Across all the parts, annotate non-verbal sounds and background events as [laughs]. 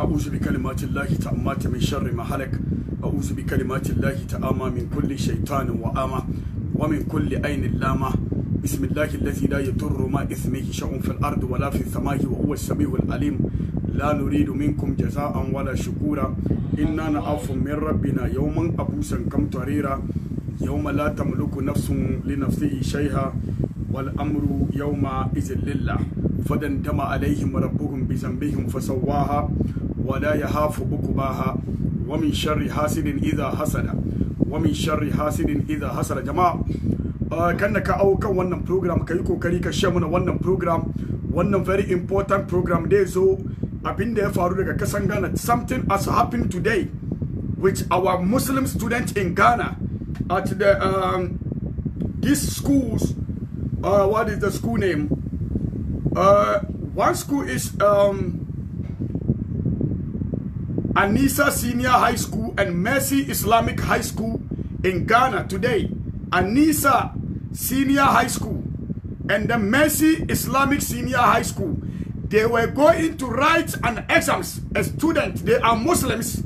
أعوذ بكلمات الله تأمات من شر ما هلك أعوذ بكلمات الله تأمى من كل شيطان وآمى ومن كل عين لامة بسم الله الذي لا يضر ما إثمه شيء في الأرض ولا في السماء وهو السميع العليم لا نريد منكم جزاء ولا شكورا إنا نعف من ربنا يوما أبوسا كم تريرا يوم لا تملك نفس لنفسه شيئا والأمر يوم إذن لله فدندم عليهم ربهم بذنبهم فسواها ولا يخاف عقباها ومن شر حاسد إذا حسد ومن شر حاسد إذا حسد جماعة kan da ka au wannan program ka yi kokari ka share mana wannan program wannan very important program da zo abin da ya faru daga kasan Ghana something has happened today with our Muslim student in Ghana at the um, these schools uh, what is the school name uh, one school is um, Anisa Senior High School and Mercy Islamic High School in Ghana today. Anisa Senior High School and the Mercy Islamic Senior High School. They were going to write an exams as students. They are Muslims.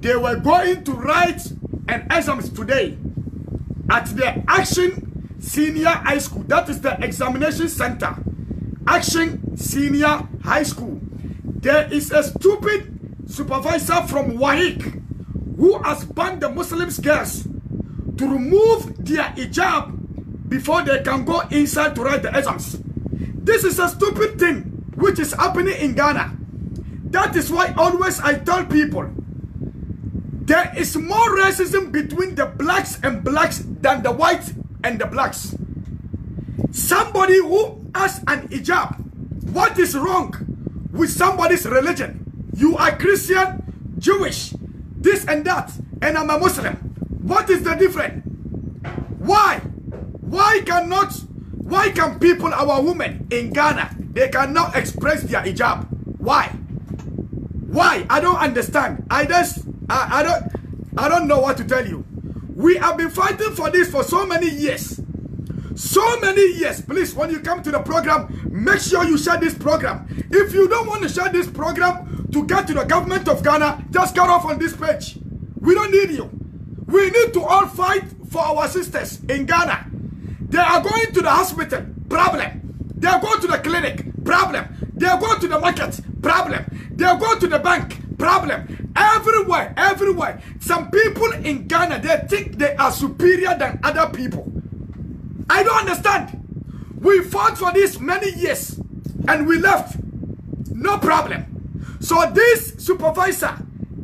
They were going to write an exams today at the Action Senior High School. That is the examination center. Action Senior High School. There is a stupid supervisor from Wahik who has banned the Muslims girls to remove their hijab before they can go inside to write the exams. This is a stupid thing which is happening in Ghana. That is why always I tell people, there is more racism between the blacks and blacks than the whites and the blacks. Somebody who has an hijab, what is wrong with somebody's religion? You are Christian, Jewish, this and that, and I'm a Muslim. What is the difference? Why? Why cannot, why can people, our women in Ghana, they cannot express their hijab? Why? Why? I don't understand. I just, I, I don't, I don't know what to tell you. We have been fighting for this for so many years. So many years. Please, when you come to the program, make sure you share this program. If you don't want to share this program, to get to the government of Ghana, just cut off on this page. We don't need you. We need to all fight for our sisters in Ghana. They are going to the hospital, problem. They are going to the clinic, problem. They are going to the market, problem. They are going to the bank, problem. Everywhere, everywhere. Some people in Ghana, they think they are superior than other people. I don't understand. We fought for this many years and we left. No problem. So this supervisor,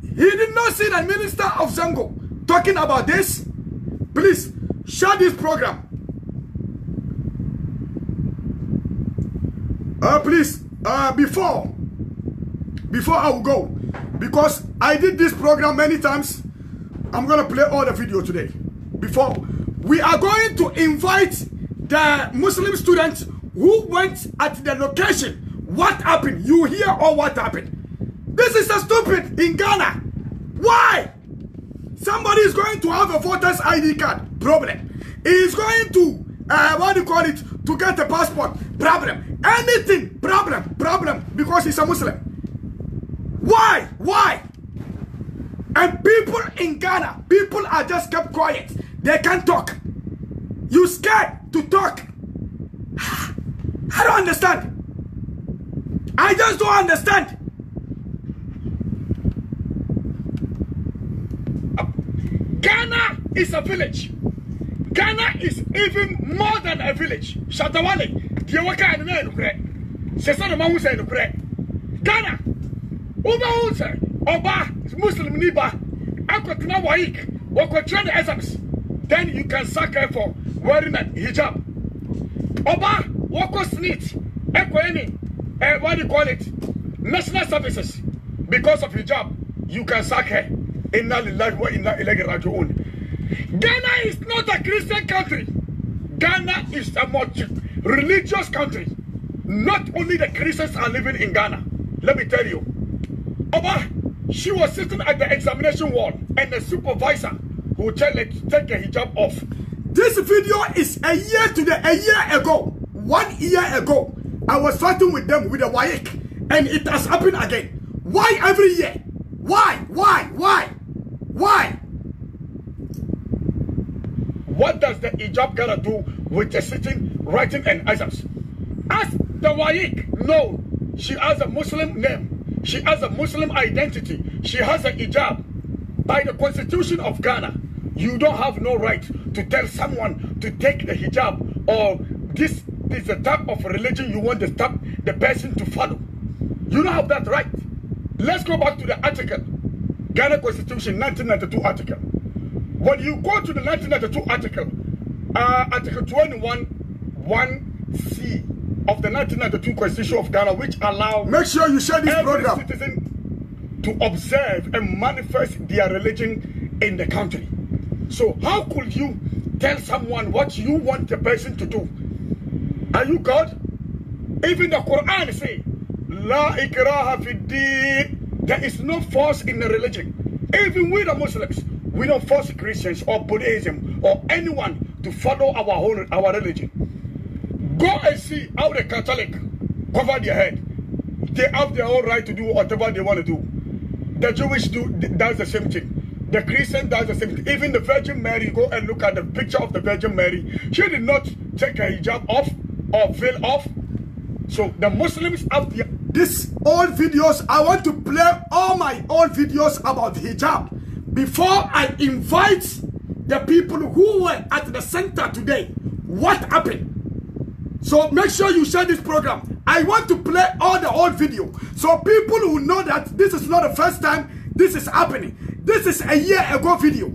he did not see the minister of Zango talking about this. Please, share this program. Uh, please, uh, before, before I will go, because I did this program many times, I'm going to play all the video today. Before, we are going to invite the Muslim students who went at the location. What happened? You hear or what happened? This is a stupid in Ghana. Why? Somebody is going to have a voter's ID card. Problem. He is going to, uh, what do you call it, to get a passport. Problem. Anything. Problem. Problem. Because he's a Muslim. Why? Why? And people in Ghana, people are just kept quiet. They can't talk. You scared to talk. [sighs] I don't understand. I just don't understand. Ghana is a village. Ghana is even more than a village. Shatawale, Diawaka and Nenukre. Sesana Mahusa and Nukre. Ghana, Uba Hunsa, Oba, Muslim Niba, Akwatina Waik, Wakwachana Esams. Then you can sack her for wearing a hijab. Oba, Wako Snit, Ekweni, eh, what do you call it? National services. Because of hijab, you can sack her. Inna lillahi wa inna ilayhi raji'un. Ghana is not a Christian country. Ghana is a multi religious country. Not only the Christians are living in Ghana. Let me tell you. Oba, she was sitting at the examination wall and the supervisor who tell her to take her hijab off. This video is a year today, a year ago. One year ago, I was fighting with them with a the and it has happened again. Why every year? Why? Why? Why? Why? What does the hijab gotta do with the sitting, writing, and items? Ask the Waik. No, she has a Muslim name. She has a Muslim identity. She has a hijab. By the constitution of Ghana, you don't have no right to tell someone to take the hijab or this is the type of religion you want the, type, the person to follow. You don't have that right. Let's go back to the article. Ghana Constitution 1992 article. When you go to the 1992 article, uh, Article 21, 1C of the 1992 Constitution of Ghana, which allow make sure you share this every program citizen to observe and manifest their religion in the country. So how could you tell someone what you want the person to do? Are you God? Even the Quran say, La ikraha fi there is no force in the religion. Even we the Muslims, we don't force Christians or Buddhism or anyone to follow our whole, our religion. Go and see how the Catholic cover their head. They have their own right to do whatever they want to do. The Jewish do does the same thing. The Christian does the same thing. Even the Virgin Mary, go and look at the picture of the Virgin Mary. She did not take her hijab off or veil off. So the Muslims have their these old videos, I want to play all my old videos about hijab before I invite the people who were at the center today. What happened? So make sure you share this program. I want to play all the old video so people will know that this is not the first time this is happening. This is a year ago video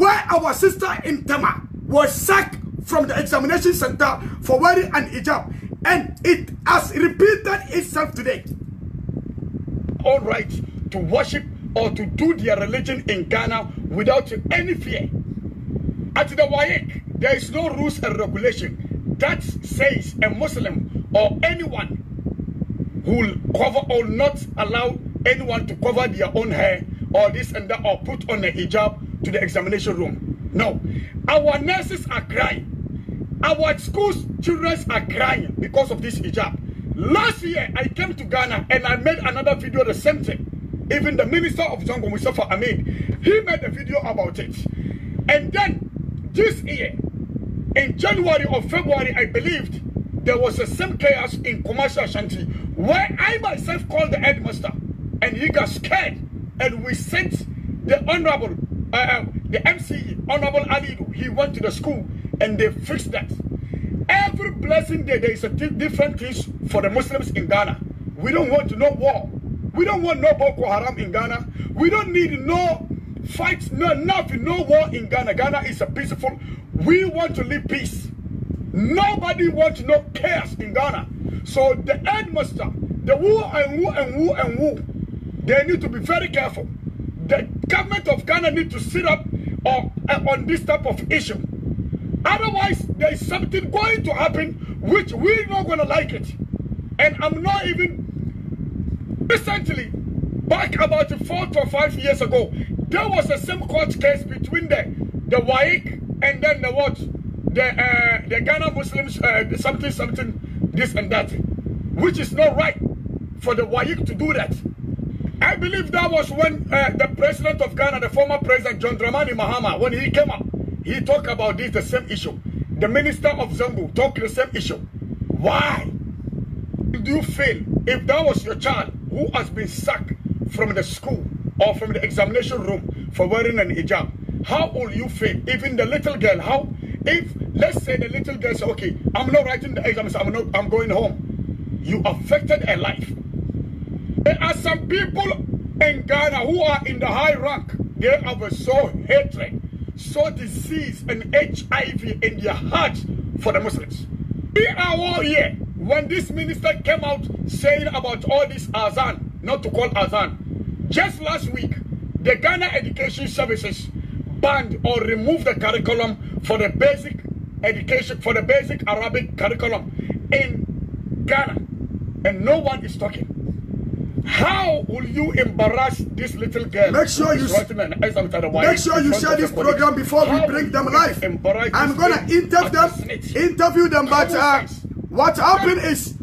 where our sister in Tema was sacked from the examination center for wearing an hijab. And it has repeated itself today. All right to worship or to do their religion in Ghana without any fear. At the Waik, there is no rules and regulation that says a Muslim or anyone who cover or not allow anyone to cover their own hair or this and that or put on a hijab to the examination room. No. Our nurses are crying. Our school's children are crying because of this hijab. Last year, I came to Ghana and I made another video the same thing. Even the minister of Zongo, Mustafa Ahmed, he made a video about it. And then, this year, in January or February, I believed, there was the same chaos in commercial Shanti. where I myself called the headmaster and he got scared and we sent the honorable, uh, uh the MCE, honorable Alidu, he went to the school and they fixed that. Every blessing day, there is a different twist for the Muslims in Ghana. We don't want no war. We don't want no Boko Haram in Ghana. We don't need no fights, no nothing, no war in Ghana. Ghana is a peaceful. We want to live peace. Nobody wants no chaos in Ghana. So the headmaster, the woo and woo and woo and woo, they need to be very careful. The government of Ghana need to sit up on, uh, on this type of issue. Otherwise, there is something going to happen which we're not going to like it. And I'm not even, recently, back about four to five years ago, there was a same court case between the, the Waik and then the what? The, uh, the Ghana Muslims, uh, something, something, this and that. Which is not right for the Waik to do that. I believe that was when uh, the president of Ghana, the former president John Dramani Mahama, when he came up, he talked about this, the same issue. The minister of Zambu talked the same issue. Why did you fail? If that was your child who has been sacked from the school or from the examination room for wearing an hijab, how will you fail? Even the little girl, how? If, let's say the little girl says, okay, I'm not writing the exams, I'm, not, I'm going home. You affected a life. There are some people in Ghana who are in the high rank. They have a so hatred sow disease and HIV in their hearts for the Muslims. We are all here. When this minister came out saying about all this Azan, not to call Azan, just last week, the Ghana Education Services banned or removed the curriculum for the basic education, for the basic Arabic curriculum in Ghana. And no one is talking. How will you embarrass this little girl? Make sure you Make sure you share this program before we bring them live. I'm gonna interview them, interview uh, them. But uh, what happened is,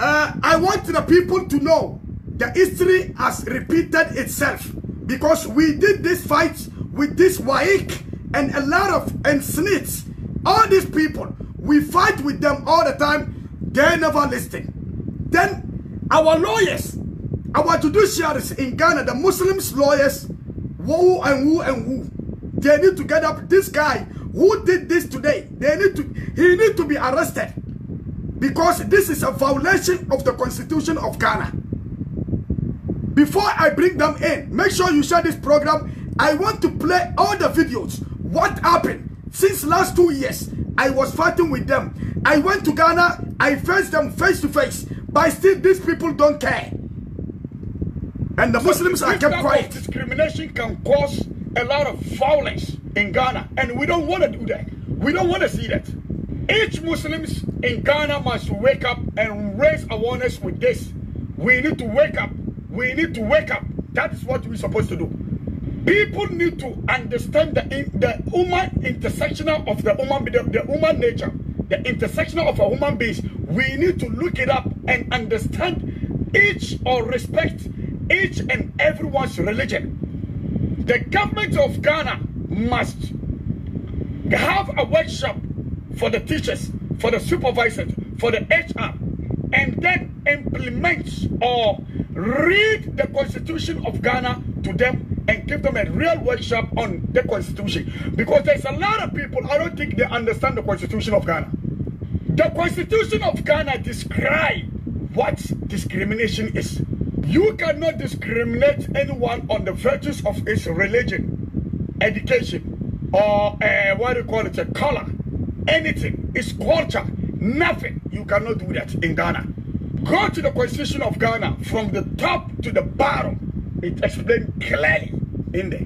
uh, I want the people to know the history has repeated itself because we did this fight with this Waik and a lot of and snitch. All these people, we fight with them all the time. They never listen. Then our lawyers our judiciaries in Ghana, the Muslims lawyers, who and who and who, they need to get up this guy who did this today. They need to, he need to be arrested because this is a violation of the constitution of Ghana. Before I bring them in, make sure you share this program. I want to play all the videos. What happened since last two years? I was fighting with them. I went to Ghana. I faced them face to face. But still, these people don't care. And the so Muslims are kept quiet. discrimination can cause a lot of violence in Ghana. And we don't want to do that. We don't want to see that. Each Muslims in Ghana must wake up and raise awareness with this. We need to wake up. We need to wake up. That is what we're supposed to do. People need to understand the, the human intersectional of the human, the, the human nature. The intersectional of a human being. We need to look it up and understand each or respect each and everyone's religion. The government of Ghana must have a workshop for the teachers, for the supervisors, for the HR, and then implement or read the constitution of Ghana to them and give them a real workshop on the constitution. Because there's a lot of people, I don't think they understand the constitution of Ghana. The constitution of Ghana describes what discrimination is. You cannot discriminate anyone on the virtues of his religion, education, or uh, what do you call it, a color, anything, his culture, nothing. You cannot do that in Ghana. Go to the constitution of Ghana from the top to the bottom. It explains clearly in there.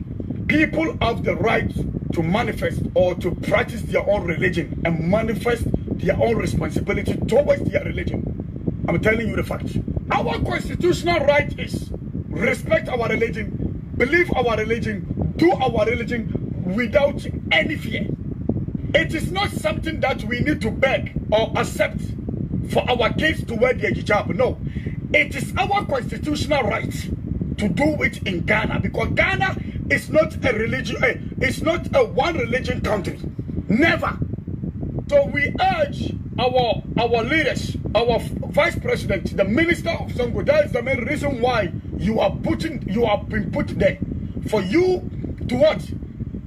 People have the right to manifest or to practice their own religion and manifest their own responsibility towards their religion. I'm telling you the facts. Our constitutional right is respect our religion, believe our religion, do our religion without any fear. It is not something that we need to beg or accept for our kids to wear their hijab. No, it is our constitutional right to do it in Ghana because Ghana is not a religion, eh, it's not a one religion country. Never. So we urge our our leaders, our vice president, the minister of Songo. That is the main reason why you are putting you have been put there for you to what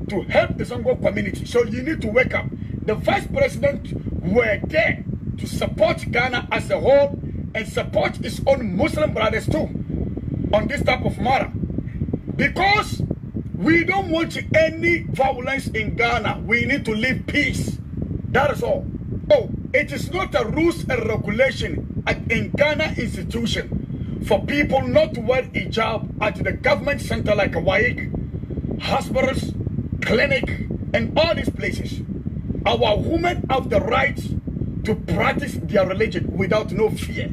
to help the Songo community. So you need to wake up. The vice president were there to support Ghana as a whole and support his own Muslim brothers too on this type of matter because we don't want any violence in Ghana. We need to live peace. That is all. Oh, it is not a rules and regulation in Ghana institution for people not to wear hijab at the government center like WAEG, hospitals, clinic, and all these places. Our women have the right to practice their religion without no fear.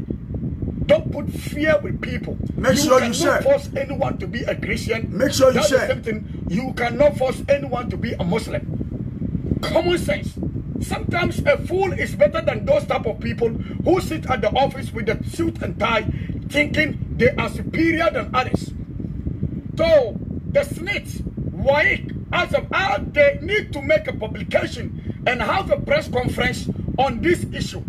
Don't put fear with people. Make you sure you share. force anyone to be a Christian. Make sure you That's share. Something. You cannot force anyone to be a Muslim. Common sense. Sometimes a fool is better than those type of people who sit at the office with a suit and tie thinking they are superior than others. So the snitch, Waik, as of how they need to make a publication and have a press conference on this issue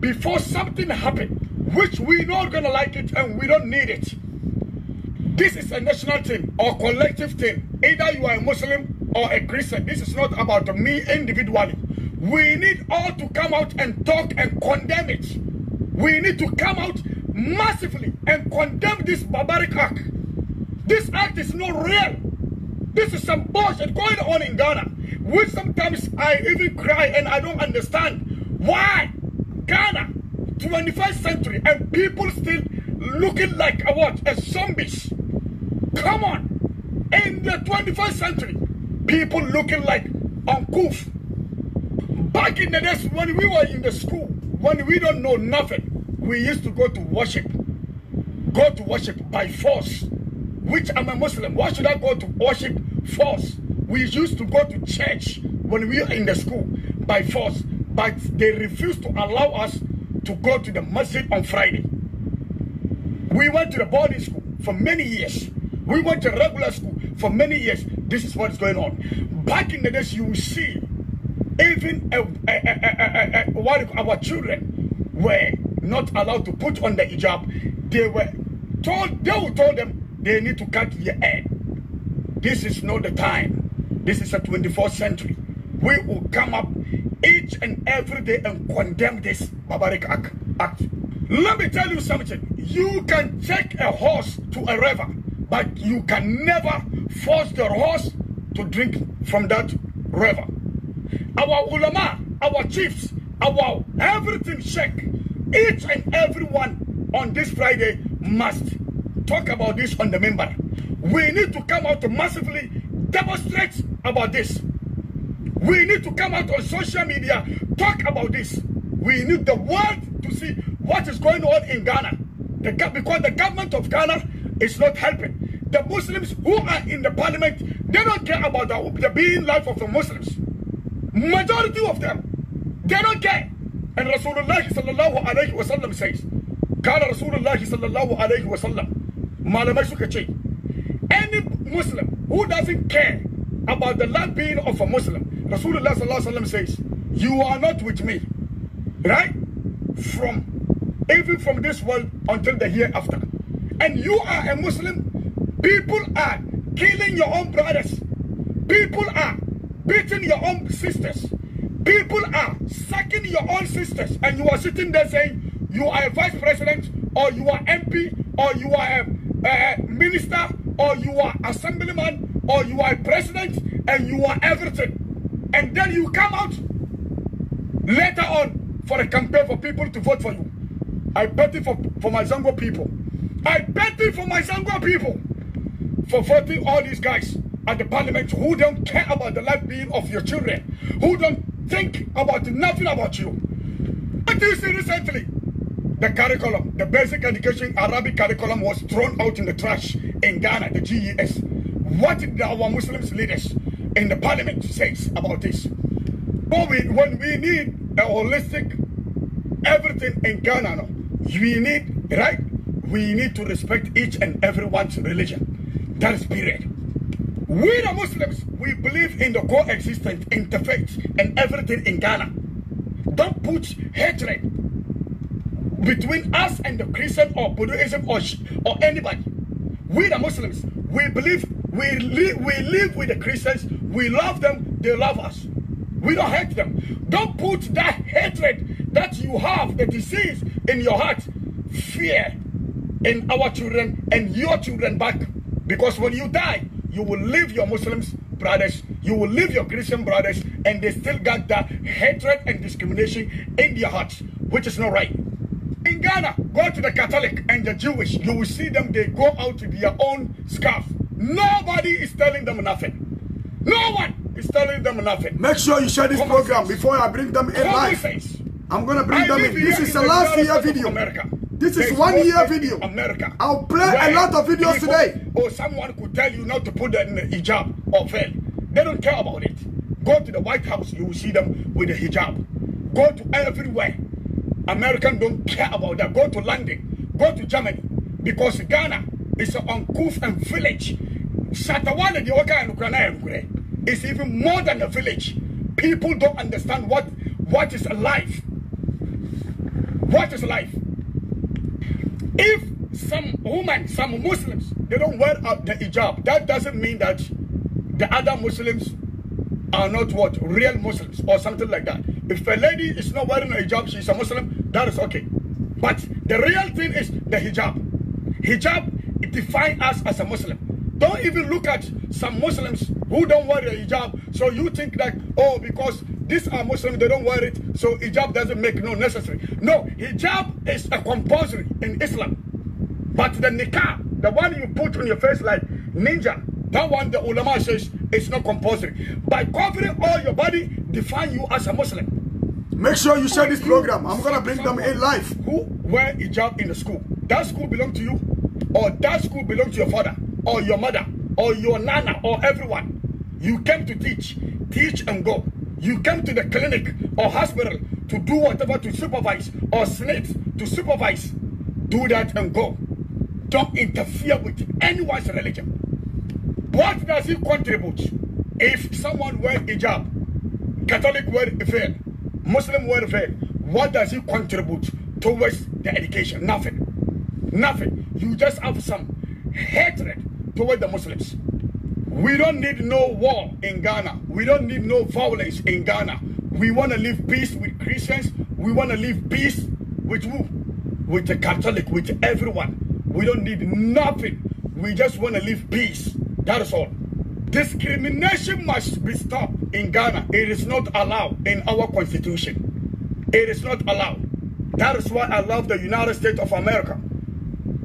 before something happens, which we're not going to like it and we don't need it. This is a national thing or collective thing. Either you are a Muslim or a Christian. This is not about me individually. We need all to come out and talk and condemn it. We need to come out massively and condemn this barbaric act. This act is not real. This is some bullshit going on in Ghana, which sometimes I even cry and I don't understand why Ghana, 21st century, and people still looking like a what? A zombies. Come on. In the 21st century, people looking like uncouth Back in the days when we were in the school, when we don't know nothing, we used to go to worship. Go to worship by force. Which I'm a Muslim. Why should I go to worship force? We used to go to church when we were in the school by force. But they refused to allow us to go to the masjid on Friday. We went to the boarding school for many years. We went to regular school for many years. This is what's going on. Back in the days, you will see even uh, uh, uh, while our children were not allowed to put on the hijab. They were told, they were told them they need to cut their head. This is not the time. This is the 24th century. We will come up each and every day and condemn this barbaric act. Let me tell you something. You can take a horse to a river, but you can never force the horse to drink from that river our ulama, our chiefs, our everything shake. Each and everyone on this Friday must talk about this on the member. We need to come out to massively demonstrate about this. We need to come out on social media, talk about this. We need the world to see what is going on in Ghana. The, because the government of Ghana is not helping. The Muslims who are in the parliament, they don't care about the, the being life of the Muslims. Majority of them, they don't care. And Rasulullah sallallahu alayhi wa sallam says, Kala Rasulullah sallallahu alayhi wa sallam, malamai any Muslim who doesn't care about the land being of a Muslim, Rasulullah sallallahu alayhi wa sallam says, you are not with me, right? From even from this world until the hereafter. And you are a Muslim, people are killing your own brothers. People are beating your own sisters. People are sacking your own sisters. And you are sitting there saying, you are a vice president, or you are MP, or you are a, a minister, or you are assemblyman, or you are president, and you are everything. And then you come out later on for a campaign for people to vote for you. I it for, for my Zango people. I bet it for my Zango people for voting all these guys at the parliament who don't care about the life being of your children, who don't think about nothing about you. What do you see recently, the curriculum, the basic education Arabic curriculum was thrown out in the trash in Ghana, the GES. What did our Muslims leaders in the parliament say about this? When we need a holistic everything in Ghana, no, we need, right? We need to respect each and everyone's religion. That is period. We the Muslims, we believe in the coexistence, interfaith, and everything in Ghana. Don't put hatred between us and the Christian or Buddhism or, or anybody. We the Muslims, we believe, we, live we live with the Christians, we love them, they love us. We don't hate them. Don't put that hatred that you have, the disease in your heart, fear in our children and your children back. Because when you die, you will leave your Muslims brothers, you will leave your Christian brothers, and they still got that hatred and discrimination in their hearts, which is not right. In Ghana, go to the Catholic and the Jewish, you will see them, they go out with their own scarf. Nobody is telling them nothing. No one is telling them nothing. Make sure you share this program sense. before I bring them in life. live. I'm going to bring I them in. This is the last year video. America. This is one year video. America. I'll play a lot of videos people, today. Or someone could tell you not to put the hijab or veil. They don't care about it. Go to the White House, you will see them with the hijab. Go to everywhere. Americans don't care about that. Go to London. Go to Germany. Because Ghana is an uncouth and village. It's the Oka and Ukraine is even more than a village. People don't understand what, what is life. What is life? If some women, some Muslims, they don't wear the hijab, that doesn't mean that the other Muslims are not what? Real Muslims or something like that. If a lady is not wearing a hijab, she's a Muslim, that is okay. But the real thing is the hijab. Hijab defines us as a Muslim. Don't even look at some Muslims who don't wear a hijab. So you think that, oh, because these are Muslims, they don't wear it, so hijab doesn't make no necessary. No, hijab is a compulsory in Islam. But the niqab, the one you put on your face like ninja, that one the ulama says it's not compulsory. By covering all your body, define you as a Muslim. Make sure you share this program. I'm gonna bring them in life. Who wear hijab in the school? That school belong to you, or that school belong to your father, or your mother, or your nana, or everyone. You came to teach. Teach and go. You come to the clinic or hospital to do whatever to supervise or slate to supervise. Do that and go. Don't interfere with anyone's religion. What does it contribute? If someone wear hijab, Catholic wear veil, Muslim wear veil, what does it contribute towards the education? Nothing. Nothing. You just have some hatred toward the Muslims. We don't need no war in Ghana. We don't need no violence in Ghana. We want to live peace with Christians. We want to live peace with who? With the Catholic, with everyone. We don't need nothing. We just want to live peace. That is all. Discrimination must be stopped in Ghana. It is not allowed in our constitution. It is not allowed. That is why I love the United States of America.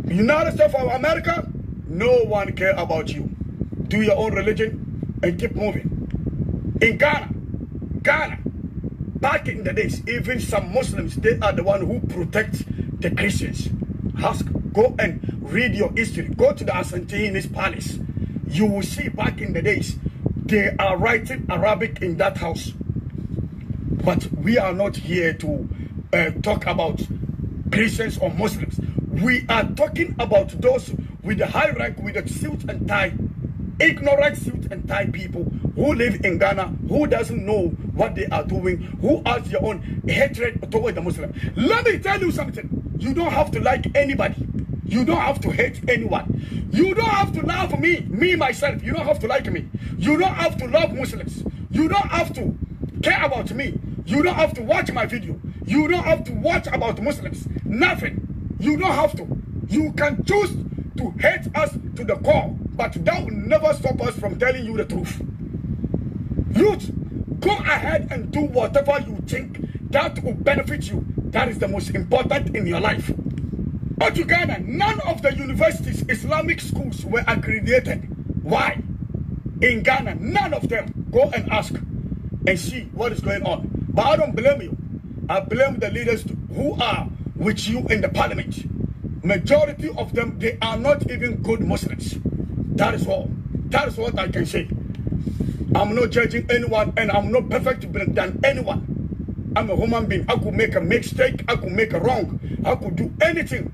United States of America, no one care about you do your own religion, and keep moving. In Ghana, Ghana, back in the days, even some Muslims, they are the one who protect the Christians. Ask, go and read your history. Go to the Asantini's palace. You will see back in the days, they are writing Arabic in that house. But we are not here to uh, talk about Christians or Muslims. We are talking about those with the high rank, with the suit and tie, ignorant suit and tie people who live in Ghana, who doesn't know what they are doing, who has their own hatred toward the Muslim. Let me tell you something. You don't have to like anybody. You don't have to hate anyone. You don't have to love me, me myself. You don't have to like me. You don't have to love Muslims. You don't have to care about me. You don't have to watch my video. You don't have to watch about Muslims. Nothing. You don't have to. You can choose to hate us to the core but that will never stop us from telling you the truth. Youth, go ahead and do whatever you think that will benefit you. That is the most important in your life. But to Ghana, none of the universities, Islamic schools were accredited. Why? In Ghana, none of them. Go and ask and see what is going on. But I don't blame you. I blame the leaders who are with you in the parliament. Majority of them, they are not even good Muslims. That is all. That is what I can say. I'm not judging anyone and I'm not perfect than anyone. I'm a human being. I could make a mistake. I could make a wrong. I could do anything.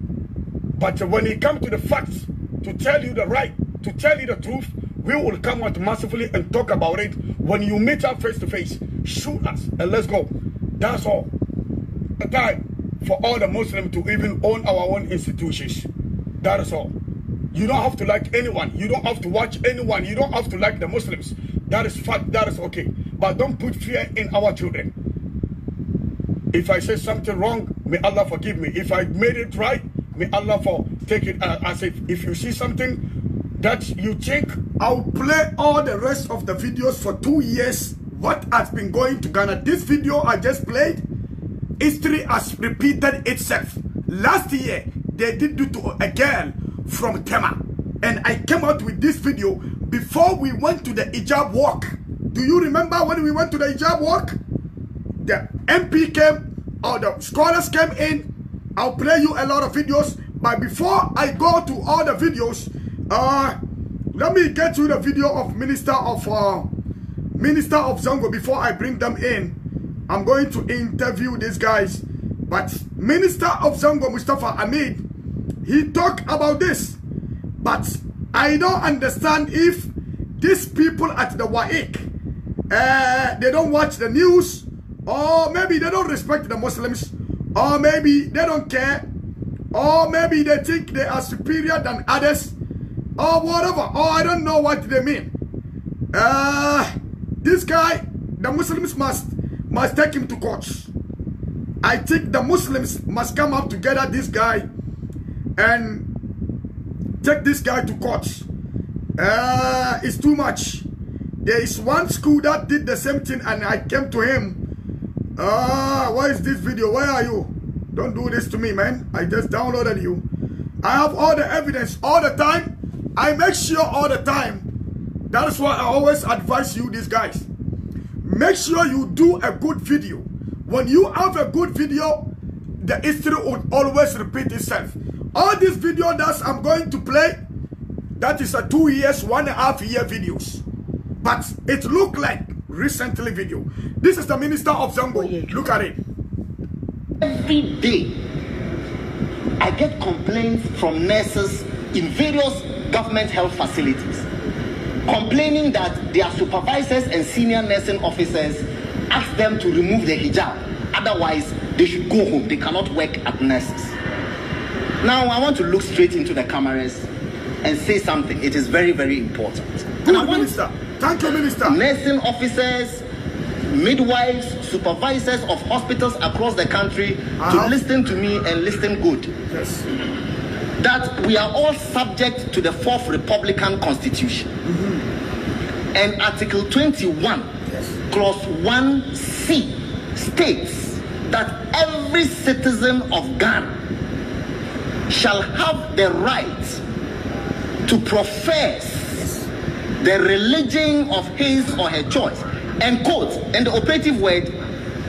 But when it comes to the facts, to tell you the right, to tell you the truth, we will come out massively and talk about it. When you meet up face to face, shoot us and let's go. That's all. A time for all the Muslims to even own our own institutions. That is all. You don't have to like anyone. You don't have to watch anyone. You don't have to like the Muslims. That is fact. That is okay. But don't put fear in our children. If I say something wrong, may Allah forgive me. If I made it right, may Allah for take it uh, as if. If you see something that you think, I'll play all the rest of the videos for two years. What has been going to Ghana? This video I just played, history has repeated itself. Last year, they did do to a girl from Tema. And I came out with this video before we went to the hijab walk. Do you remember when we went to the hijab walk? The MP came, or uh, the scholars came in. I'll play you a lot of videos. But before I go to all the videos, uh, let me get you the video of Minister of uh, Minister of Zongo before I bring them in. I'm going to interview these guys. But Minister of Zongo, Mustafa Ahmed, he talked about this. But I don't understand if these people at the Waik, uh, they don't watch the news, or maybe they don't respect the Muslims, or maybe they don't care, or maybe they think they are superior than others, or whatever, or I don't know what they mean. Uh, this guy, the Muslims must, must take him to court. I think the Muslims must come up together, this guy, and take this guy to court. Uh, it's too much. There is one school that did the same thing and I came to him. Ah, uh, why is this video? Where are you? Don't do this to me, man. I just downloaded you. I have all the evidence all the time. I make sure all the time. That is why I always advise you these guys. Make sure you do a good video. When you have a good video, the history will always repeat itself. All this video that I'm going to play, that is a two years, one and a half year videos. But it look like recently video. This is the minister of Zambo. Oh, look at it. Every day, I get complaints from nurses in various government health facilities complaining that their supervisors and senior nursing officers ask them to remove the hijab. Otherwise, they should go home. They cannot work at nurses. Now, I want to look straight into the cameras and say something. It is very, very important. Good and I want Minister. Thank you, Minister. Nursing officers, midwives, supervisors of hospitals across the country uh-huh. to listen to me and listen good. Yes. That we are all subject to the Fourth Republican Constitution. Mm-hmm. And Article 21, yes. Clause 1C, states that every citizen of Ghana shall have the right to profess the religion of his or her choice. And quote, and the operative word,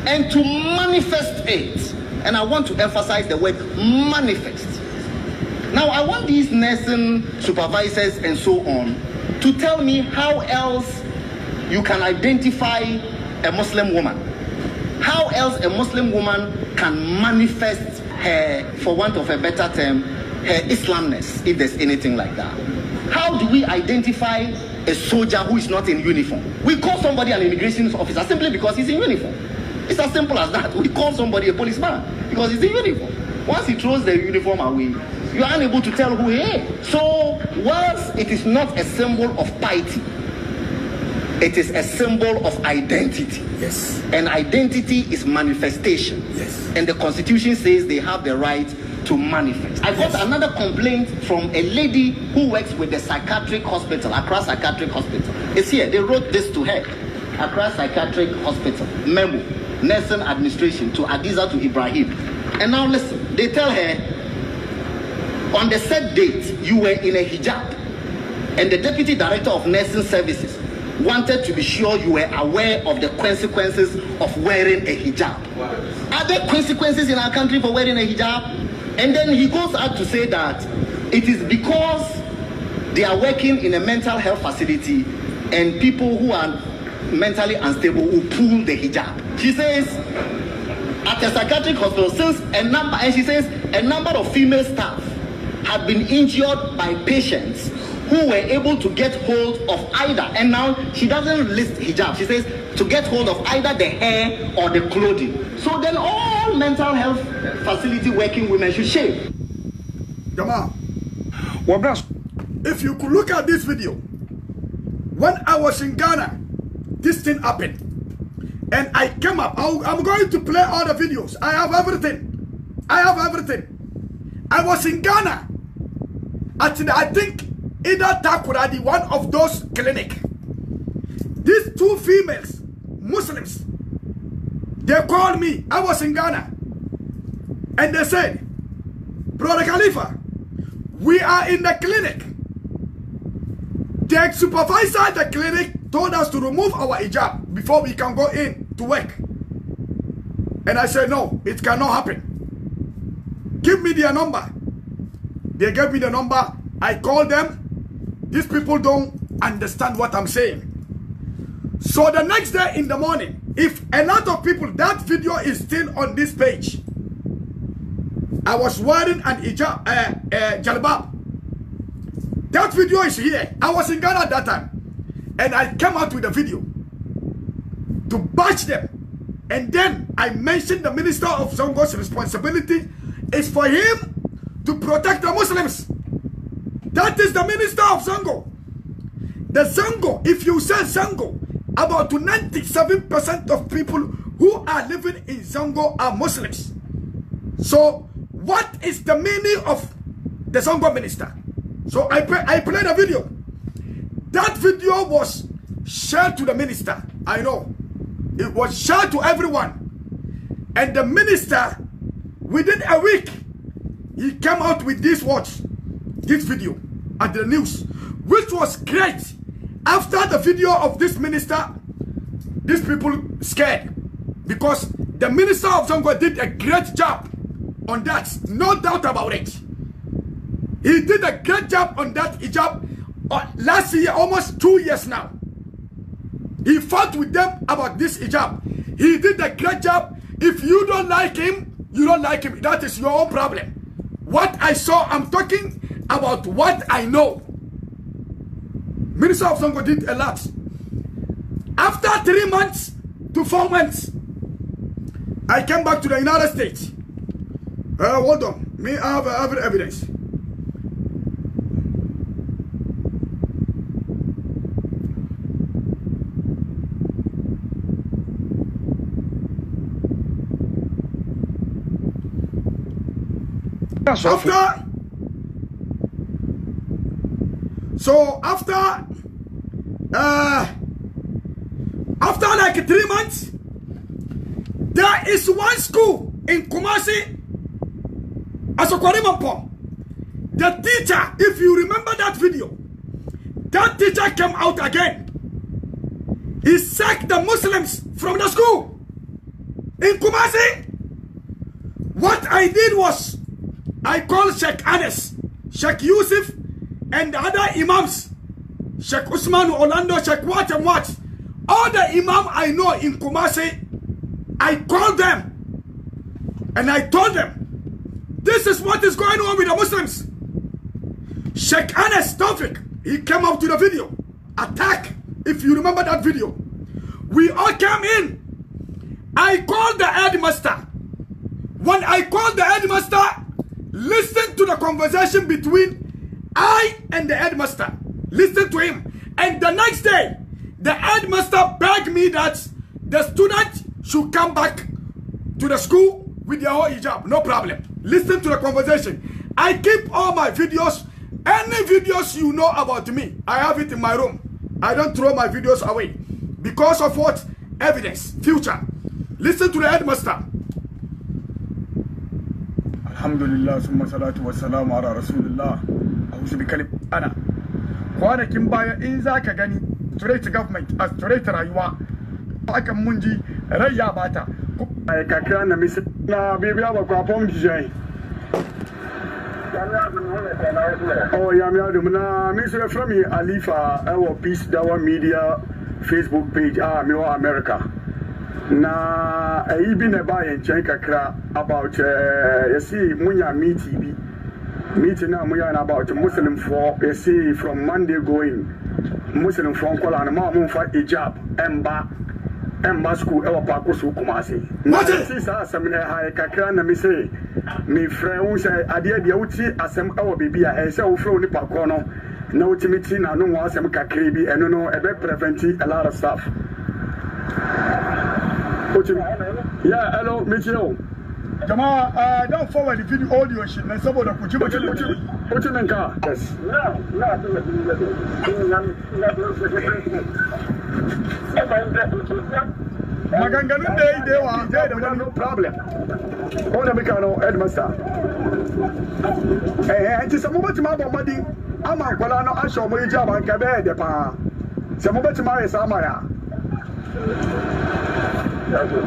and to manifest it. And I want to emphasize the word manifest. Now, I want these nursing supervisors and so on to tell me how else you can identify a Muslim woman, how else a Muslim woman can manifest her, eh, for want of a better term, her eh, Islamness, if there's anything like that. How do we identify a soldier who is not in uniform? We call somebody an immigration officer simply because he's in uniform. It's as simple as that. We call somebody a policeman because he's in uniform. Once he throws the uniform away, you are unable to tell who he is. So, once it is not a symbol of piety, It is a symbol of identity. Yes. And identity is manifestation. Yes. And the constitution says they have the right to manifest. I got yes. another complaint from a lady who works with the psychiatric hospital, Accra Psychiatric Hospital. It's here. They wrote this to her. Accra Psychiatric Hospital. Memo. Nursing administration to Adiza to Ibrahim. And now listen, they tell her on the said date you were in a hijab. And the deputy director of nursing services wanted to be sure you were aware of the consequences of wearing a hijab. Are there consequences in our country for wearing a hijab? And then he goes on to say that it is because they are working in a mental health facility and people who are mentally unstable will pull the hijab. She says, at a psychiatric hospital, since a number, and she says, a number of female staff have been injured by patients who were able to get hold of either. And now she doesn't list hijab. She says to get hold of either the hair or the clothing. So then all mental health facility working women should shave. Jamal, if you could look at this video, when I was in Ghana, this thing happened. And I came up. i am going to play all the videos. I have everything. I have everything. I was in Ghana. At I think Ida Takuradi, one of those clinic. These two females, Muslims, they called me. I was in Ghana. And they said, Brother Khalifa, we are in the clinic. The supervisor at the clinic told us to remove our hijab before we can go in to work. And I said, no, it cannot happen. Give me their number. They gave me the number. I called them. These people don't understand what I'm saying. So the next day in the morning, if a lot of people, that video is still on this page. I was wearing an hijab, uh, uh, jalbab. That video is here. I was in Ghana at that time. And I came out with a video to bash them. And then I mentioned the minister of Zongo's responsibility is for him to protect the Muslims. That is the minister of Zango. The Zango. if you say Zango, about 97% of people who are living in Zango are Muslims. So what is the meaning of the Zango minister? So I, I played a video. That video was shared to the minister. I know. It was shared to everyone. And the minister, within a week, he came out with this watch, this video at the news, which was great after the video of this minister, these people scared because the minister of Zongo did a great job on that, no doubt about it. He did a great job on that hijab uh, last year, almost two years now. He fought with them about this hijab. He did a great job. If you don't like him, you don't like him. That is your own problem. What I saw, I'm talking about what I know. Minister of Songo did a lot. After three months to four months, I came back to the United States. Uh, hold on. Me, I have every evidence. After So after, uh, after like three months, there is one school in Kumasi, Asokwarimampo. The teacher, if you remember that video, that teacher came out again. He sacked the Muslims from the school in Kumasi. What I did was, I called Sheikh Anas, Sheikh Yusuf, and other imams, Sheikh Usman, Orlando, Sheikh what and what, all the imam I know in Kumasi, I called them and I told them, this is what is going on with the Muslims. Sheikh Anas Tawfiq, he came out to the video, attack, if you remember that video. We all came in. I called the headmaster. When I called the headmaster, listen to the conversation between I and the headmaster listened to him. And the next day, the headmaster begged me that the student should come back to the school with their whole hijab. No problem. Listen to the conversation. I keep all my videos. Any videos you know about me, I have it in my room. I don't throw my videos away. Because of what? Evidence. Future. Listen to the headmaster. Alhamdulillah, summa salatu wassalamu ala Rasulullah. su bi kalib ana kwanakin baya in za ka gani straight government a straight rayuwa akan mun ji rai ya bata kakira na misi na bibiya ba kwa fom jijai o yamiya dum na misu ya frami alifa ewo peace dawa media facebook page a ah, miwa america na ɛyi eh, bi na ɛbaa yɛn nkyɛn kakra about ɛɛ eh, yɛsi eh, munya meeting bi meeting na mu yɛ na about muslimfoɔ ɛsi from monday going muslimfoɔ nkɔla no maa mu nfa hijab ɛmba ɛmba school ɛwɔ paako so kumase. wɔte si saa asɛm na ɛha yɛ kakra na mi se mi frɛ wo sɛ adeɛ deɛ woti asɛm ɛwɔ beebi a ɛsɛ eh, wofrɛ wo nipa kɔ no na wotumi ti na ano wɔn asɛm kakra bi ɛno eh, no ɛbɛ eh, preventi a lot of stuff. wotumi yɛ ɛlo mi ti yɛ o jama'a uh, don forward video audio put you, put you, put you in car. yes na na maganganun da yayi da yawa zai da wani problem ko da muka no headmaster eh eh ti samu bati ma bon madi ama kwala no asho mo yi jaba ka be de pa samu bati ma ya samara Okay,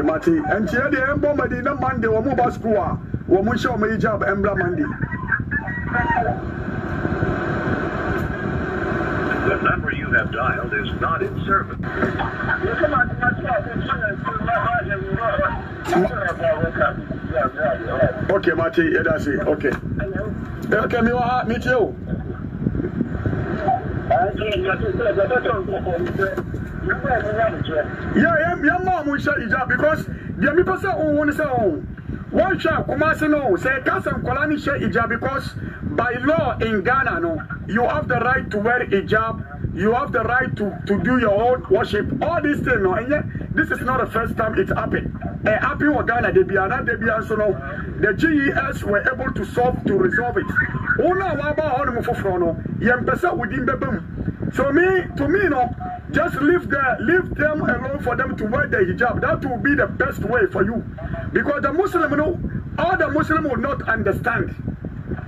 Mati. And here the Embo Medina Monday, or Muba Skua, or Musha or Majab Embla Monday. The number you have dialed is not in service. Okay, Mati, yeah, that's it. Okay. Okay, me, me too yɛyɛ yɛma mo nhyɛ igya because deɛ mepɛ sɛ wowo no sɛ wo wɔnhwɛ akomase no sɛ ɛka sɛ nkɔla no hyɛ igya because by law in ghana no you have the right to wear hijab you have the right to, to do your own worship. All these things, no, and eh, yet this is not the first time it happened. It uh, eh, happened with Ghana, they be another, they be also no. The GES were able to solve to resolve it. Una waba on mufufrono, yempesa within the boom. So me to me no, just leave the leave them alone for them to wear the hijab. That will be the best way for you. Because the Muslim you know all the Muslim will not understand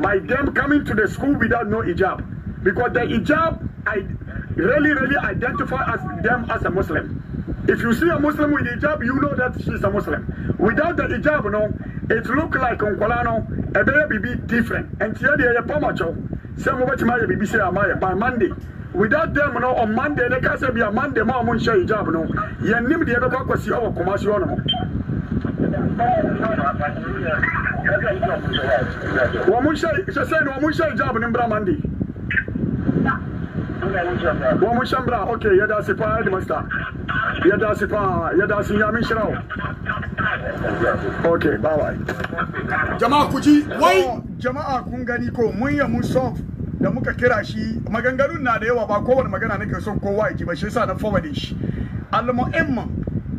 by them coming to the school without no hijab. Because the hijab I really, really identify as them as a Muslim. If you see a Muslim with hijab, you know that she's a Muslim. Without the hijab, no, it look like Unkolano, a baby be different. And here they are Pomacho. Some of my baby say Amaya by Monday. Without them, no, on Monday, they can't say be a Monday, more moon share hijab, no. You name the other cock was your commercial. Wamusha, she said, Wamusha hijab, Nimbra Bramandi. wa mun shambra okay ya dasi fa headmaster ya dasi fa ya dasi ya min shirawo okay bye bye jama'a ku ji wai oh, jama'a kun gani ko mun ya mun solve da muka kira shi maganganun na da yawa ba kowane magana nake son kowa ya ji ba shi yasa na forward shi almu'imma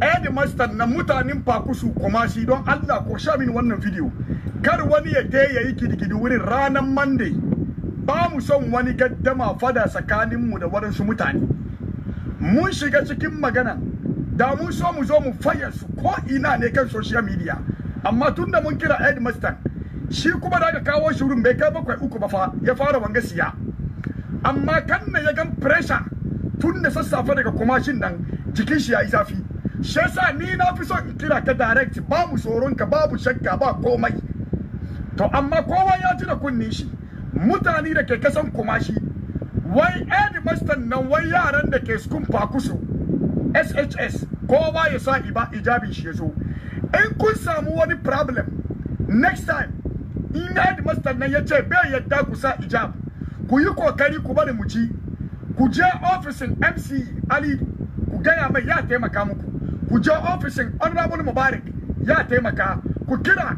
headmaster na mutanen fakusu kuma shi don Allah ko sha min wannan video kar wani ya je yayi kidigidi wurin ranar monday ba mu son wani gaddama fada mu da waɗansu mutane mun shiga cikin magana da mun so mu zo mu su ko ina ne kan social media amma tun da mun kira headmaster shi kuma da aka kawo shi bai kai bakwai uku ba fa ya fara wanga siya amma kan ne ya gan pressure tun da sassafe daga kumashin nan jikin shi ya yi zafi shi yasa ni na fi so in kira ka direct babu tsoron ka babu shakka ba komai to amma kowa ya ji da kunni shi mutane da ke kasan kumashi wai headmaster nan wai yaran da ke sukun fakusu SHS kowa ya sa iba ijabin shi ya zo in kun samu wani problem next time in headmaster nan ya ce bai yadda ku sa ijab ku yi kokari ku bari mu ci ku je ofisin MC Ali ku gaya mai ya taimaka muku ku je ofisin honorable Mubarak ya taimaka ku kira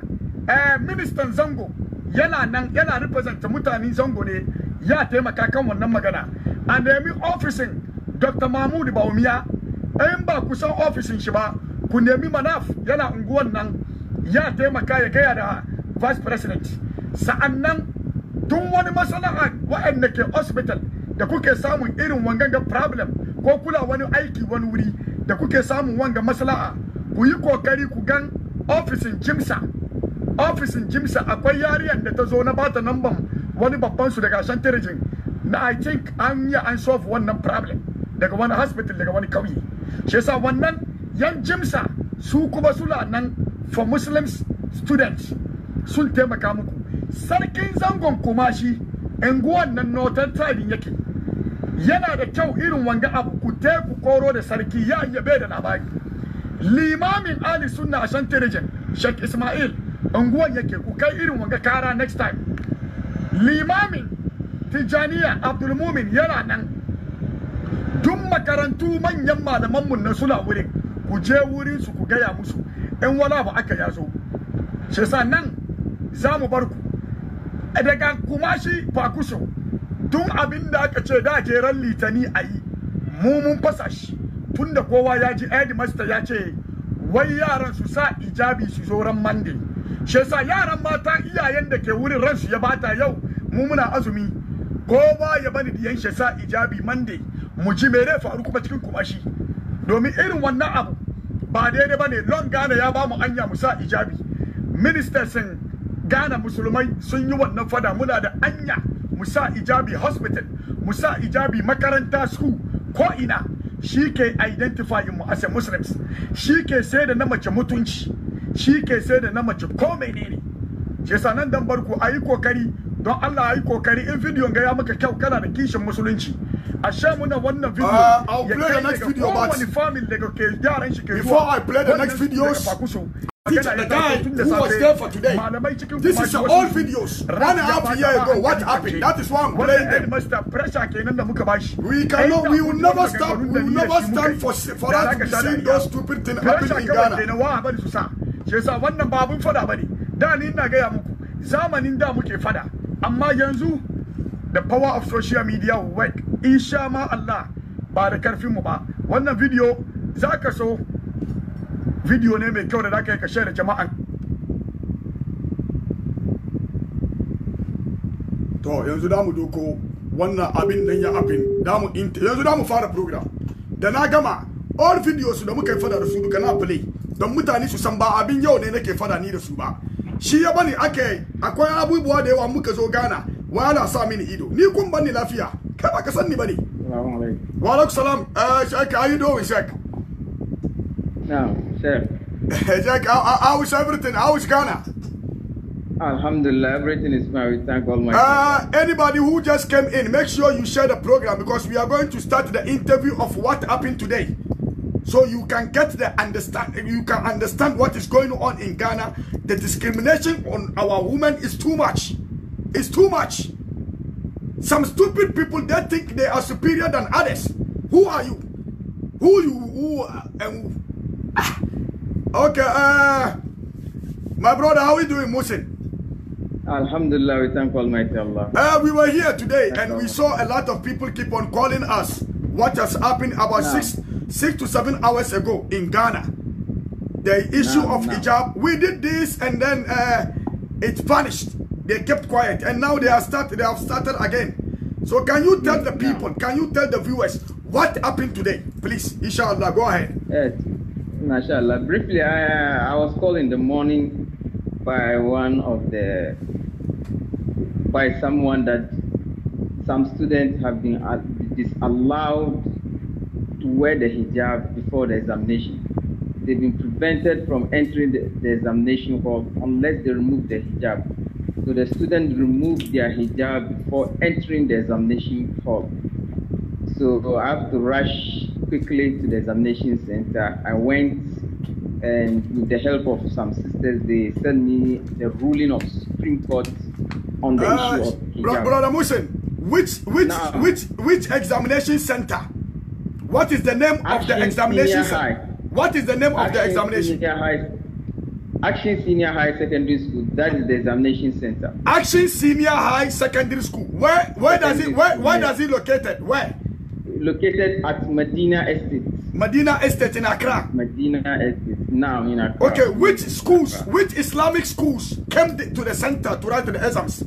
eh, ministan zango yana nan yana representa mutane zango ne ya taimaka kan wannan magana a nemi ofisin dr mahmud baumiya in ba ku san ofisin shi ba ku nemi manaf yana unguwan nan ya taimaka ya gaya da vice president sa'annan tun wani masalaha wa'anda ke hospital da kuke samun irin wanganga problem ko kula wani aiki wani wuri da kuke samun wanga masala'a ku yi kokari ku gan ofisin jimsa ofisin jimsa akwai yariyan da ta zo na bata namban wani babban su daga shantirijin na i think an yi an solve wannan problem daga wani hospital daga wani kauye shi yasa wannan yan jimsa su kuma suna nan for muslims students sun taimaka muku sarkin zangon kuma shi unguwan nan northern tribe yake yana da kyau irin wanga abu ku te ku koro da sarki ya yabe da labari limamin ali sunna a shantirijin sheikh ismail unguwar yake ku kai irin wanga kara next time limamin tijaniya abdulmumin yana nan duk makarantu manyan malamanmu na suna wurin ku je wurin su ku gaya musu in wala ba aka ya zo shi sa nan za mu bar ku daga kumashi fakuso tun abin da aka ce da jeran litani a yi mu mun fasa shi tunda kowa ya ji headmaster ya ce wai yaran su sa ijabi su zo ran shi yaran mata iyayen da ke wurin ransu ya bata yau mu muna azumi ko ba ya bani diyan shi sa ijabi monday mu ji mere faru kuma cikin kumashi domin irin wannan abu ba daidai bane lon gana ya ba mu anya mu sa ijabi ministers sun gana musulmai sun yi wannan fada muna da anya mu sa ijabi hospital mu sa ijabi makaranta school ko ina shi ke identifying mu as muslims shi ke sai da na mace mutunci shi ke sai da na mace ko menene shi yasa nan dan barku ayi kokari don Allah ayi kokari in video ga ya maka kyau kana da kishin musulunci a sha muna wannan video ah, ya kai play the next video but family daga ke yaran shi ke before I play the next videos Teacher, the guy who was there for today. This is all videos. One half year ago, what happened? That is why I'm playing them. We cannot, we will never stop. we will never stand for, for us to be seeing those stupid things happening in Ghana. shi yasa wannan ba abun fada bane da ni ina gaya muku zamanin da muke fada amma yanzu the power of social media will work insha ma Allah ba da karfin mu ba wannan video zaka so video ne mai kyau da zaka yi ka share da jama'an to yanzu da mu doko wannan abin nan ya abin da mu yanzu da mu fara program da na gama all videos da muka yi fada da su duka na play don mutane su san ba abin yau ne nake fada ni da su ba shi ya bani aka akwai abubuwa da yawa muka zo gana wala sa mini ido ni kun bani lafiya kai ba ka san ni bane wa alaikum salam eh shek how you doing shek now sir. Eh, shek how is everything how is Ghana Alhamdulillah, everything is fine. We thank Almighty. Uh, anybody who just came in, make sure you share the program because we are going to start the interview of what happened today so you can get the understand you can understand what is going on in ghana the discrimination on our women is too much it's too much some stupid people they think they are superior than others who are you who you who uh, and ah. okay uh, my brother how are you doing musin alhamdulillah we thank almighty allah uh, we were here today thank and allah. we saw a lot of people keep on calling us what has happened about no. six six to seven hours ago in Ghana. The issue no, of no. hijab, we did this and then uh, it vanished. They kept quiet and now they are started. They have started again. So can you tell the people? No. Can you tell the viewers what happened today? Please, inshallah, go ahead. Yes, mashallah. Briefly, I, I was called in the morning by one of the by someone that some students have been uh, disallowed to wear the hijab before the examination. They've been prevented from entering the, the examination hall unless they remove the hijab. So the students remove their hijab before entering the examination hall. So I have to rush quickly to the examination center. I went and with the help of some sisters, they sent me the ruling of Supreme Court on the uh, issue of hijab. Brother Musin, which which now, which which examination center? What is the name Action of the examination, sir? What is the name Action of the examination? Senior High, Action Senior High Secondary School. That is the examination center. Action Senior High Secondary School. Where where Secondary does it where where does it located? Where? Located at Medina Estate. Medina Estate in Accra. Medina Estate now in Accra. Okay, which schools, Accra. which Islamic schools came to the center to write the exams?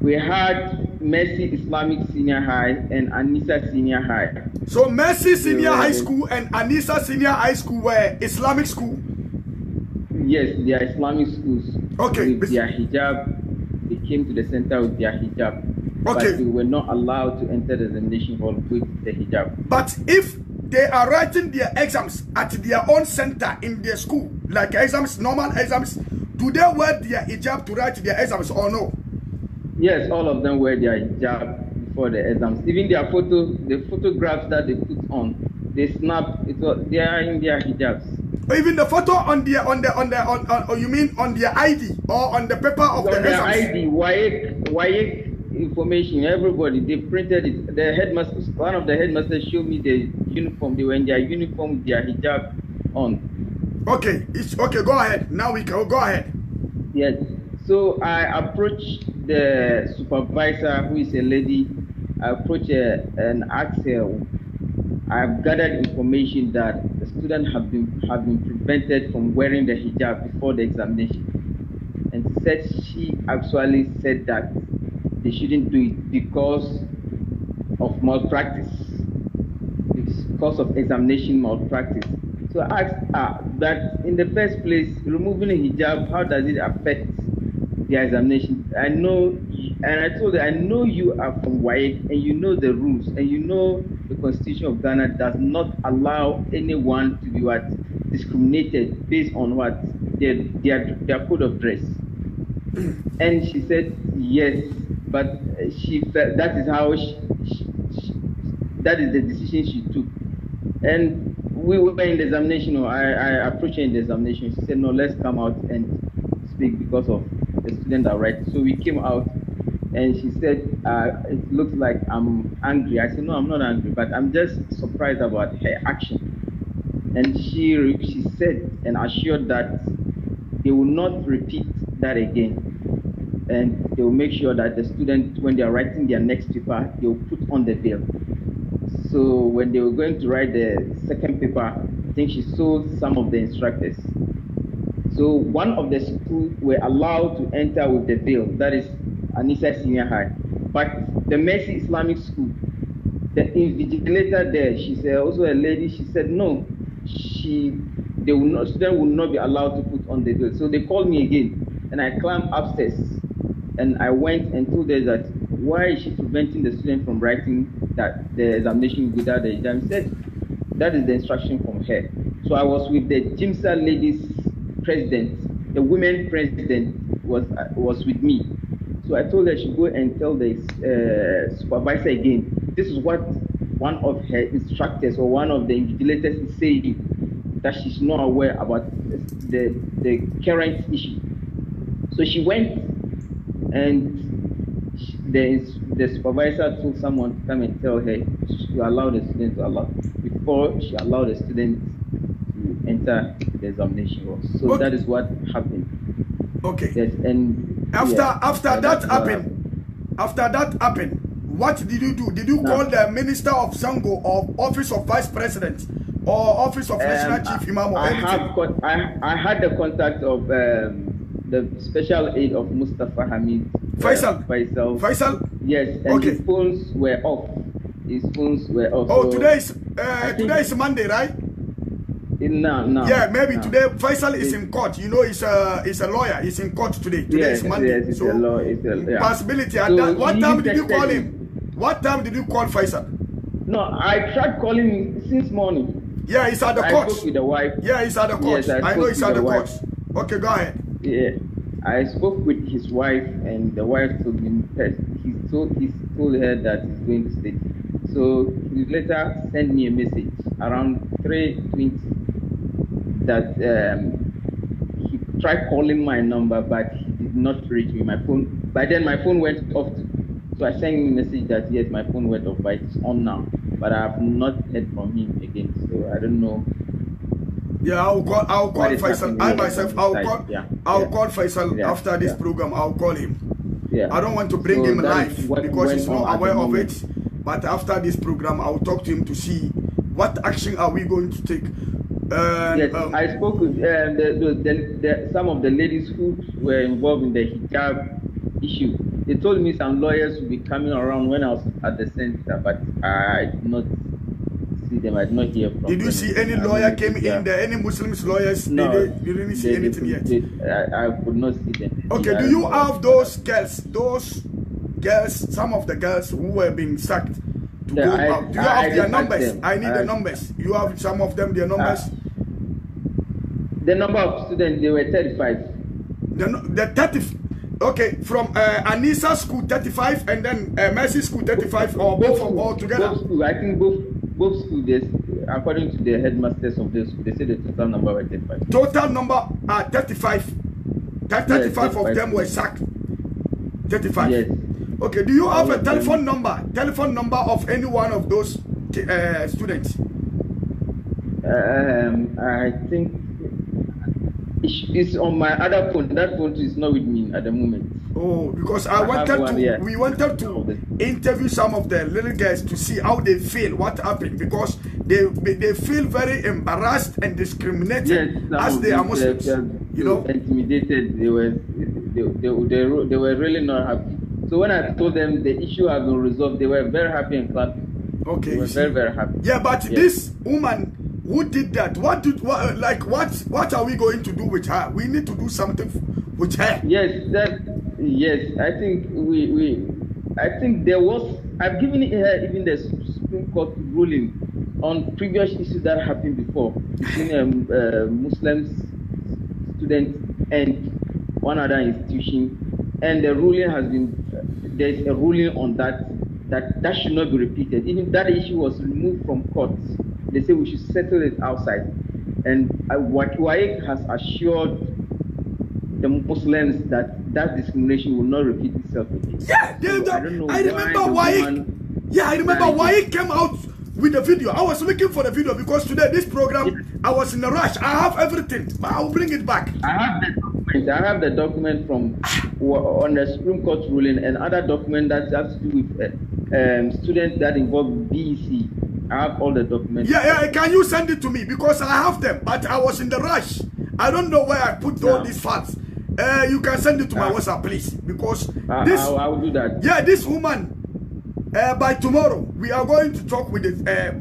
We had Mercy Islamic Senior High and Anissa Senior High. So Mercy Senior yeah. High School and Anissa Senior High School were Islamic school. Yes, they are Islamic schools. Okay. With their hijab, they came to the center with their hijab. Okay. But they were not allowed to enter the examination hall with the hijab. But if they are writing their exams at their own center in their school, like exams, normal exams, do they wear their hijab to write their exams or no? Yes, all of them wear their hijab before the exams. Even their photo, the photographs that they put on, they snap. It was they are in their hijabs. Even the photo on the on the on the on, on, on you mean on their ID or on the paper of the on the exams? ID, YEC, YEC information. Everybody they printed it. The headmaster, one of the headmasters, showed me the uniform. They were in their uniform, their hijab on. Okay, it's okay. Go ahead. Now we can go ahead. Yes. So I approached the supervisor, who is a lady, approached her and asked her, I've gathered information that the student have been, have been prevented from wearing the hijab before the examination. And said she actually said that they shouldn't do it because of malpractice, because of examination malpractice. So I asked her that in the first place, removing a hijab, how does it affect their examination. I know, and I told her, I know you are from WAEC and you know the rules and you know the constitution of Ghana does not allow anyone to be what discriminated based on what their their, their code of dress. [clears throat] and she said yes, but she felt that is how she, she, she, that is the decision she took. And we were in the examination. Or I, I approached her in the examination. She said, "No, let's come out and speak because of a student that will So we came out and she said, uh, it looks like I'm angry. I said, no, I'm not angry, but I'm just surprised about her action. And she, she said and assured that they will not repeat that again. And they will make sure that the student, when they are writing their next paper, they will put on the veil. So when they were going to write the second paper, I think she saw some of the instructors so one of the schools were allowed to enter with the veil, that is Anissa Senior High. But the Mercy Islamic School, the invigilator there, she's also a lady, she said no, she they will not students will not be allowed to put on the veil. So they called me again and I climbed upstairs and I went and told her that why is she preventing the student from writing that the examination without the exam? said that is the instruction from her. So I was with the Jimsa ladies president, the women president, was uh, was with me. So I told her she go and tell the uh, supervisor again. This is what one of her instructors or one of the invigilators is saying that she's not aware about the the current issue. So she went and the the supervisor told someone to come and tell her to allow the student to allow before she allowed the student enter the examination hall. So okay. that is what happened. Okay. Yes, and after yeah, after that happened, after that happened, what did you do? Did you no. call the minister of Zango or office of vice president or office of um, national chief imam or I anything? I, I had the contact of um, the special aid of Mustafa Hamid. Uh, Faisal. Uh, Faisal. Faisal. Yes, and okay. his phones were off. His phones were off. Oh, so today is uh, today is Monday, right? No, no. Yeah, maybe no. today Faisal is in court. You know, he's a he's a lawyer. He's in court today. Today yes, is Monday. Yes, so a law, a, yeah. possibility. So that, what time did you call him? What time did you call Faisal? No, I tried calling him since morning. Yeah, he's at the I court. Spoke with the wife. Yeah, he's at the court. Yes, I, I know he's at the, the court. Okay, go ahead. Yeah, I spoke with his wife, and the wife told him first. He told he told her that he's going to stay. So he later sent me a message around three twenty that um, he tried calling my number, but he did not reach me. My phone. By then, my phone went off. So I sent him a message that yes, my phone went off, but it's on now. But I have not heard from him again. So I don't know. Yeah, I'll call. I'll call Faisal. I myself. I'll call. Yeah. I'll yeah. call Faisal yeah. after this yeah. program. I'll call him. Yeah. I don't want to bring so him life because he's not aware of it. But after this program, I'll talk to him to see what action are we going to take. Um, yes, um, I spoke with uh, the, the, the, some of the ladies who were involved in the hijab issue. They told me some lawyers would be coming around when I was at the center, but I did not see them. I did not hear from Did you see any lawyer came in there? Any Muslims lawyers? No, did they, you didn't see they, anything they, yet. I, I, could not see them. Okay, yeah, do you have those girls? Those girls, some of the girls who were being sacked, to yeah, go I, out. Do you I, have I their numbers? I need the numbers. You have some of them, their ah. numbers? Uh, the number of students, they were 35. The, the 30, okay, from uh, Anissa School 35 and then uh, Mercy School 35 or both, both of all together? Both school. I think both, both schools. according to the headmasters of the school, they said the total number were 35. Total number are 35. 35, yes, 35 of them were sacked. 35. Yes. Okay, do you have a telephone number? Telephone number of any one of those uh, students? Um, I think it's on my other phone. That phone is not with me at the moment. Oh, because I, I wanted one, yeah. we wanted to interview some of the little guys to see how they feel, what happened, because they they feel very embarrassed and discriminated yes, as they are Muslims. you know, intimidated. They were they, they, they, they were really not happy. So when I told them the issue has been resolved, they were very happy and clapping. Okay. They were very, very happy. Yeah, but this woman who did that, what did what like what what are we going to do with her? We need to do something with her. Yes, that yes, I think we we I think there was I've given her even the Supreme Court ruling on previous issues that happened before between um, uh, Muslims, students, and one other institution and the ruling has been there's a ruling on that that that should not be repeated. Even that issue was removed from court. They say we should settle it outside. And Watuaik has assured the Muslims that that discrimination will not repeat itself again. Yeah, they, so they, I, I remember Waik. Yeah, I remember Waik came out with the video. I was looking for the video because today this program yeah. I was in a rush. I have everything, but I will bring it back. I have the print. I have the document from on the Supreme Court ruling and other document that has to do with uh, um, students that involve BEC. I have all the documents. Yeah, yeah. Can you send it to me because I have them, but I was in the rush. I don't know where I put all yeah. these facts. Uh, you can send it to my uh, WhatsApp, please, because uh, this. I, will do that. Yeah, this woman. Uh, by tomorrow, we are going to talk with the uh,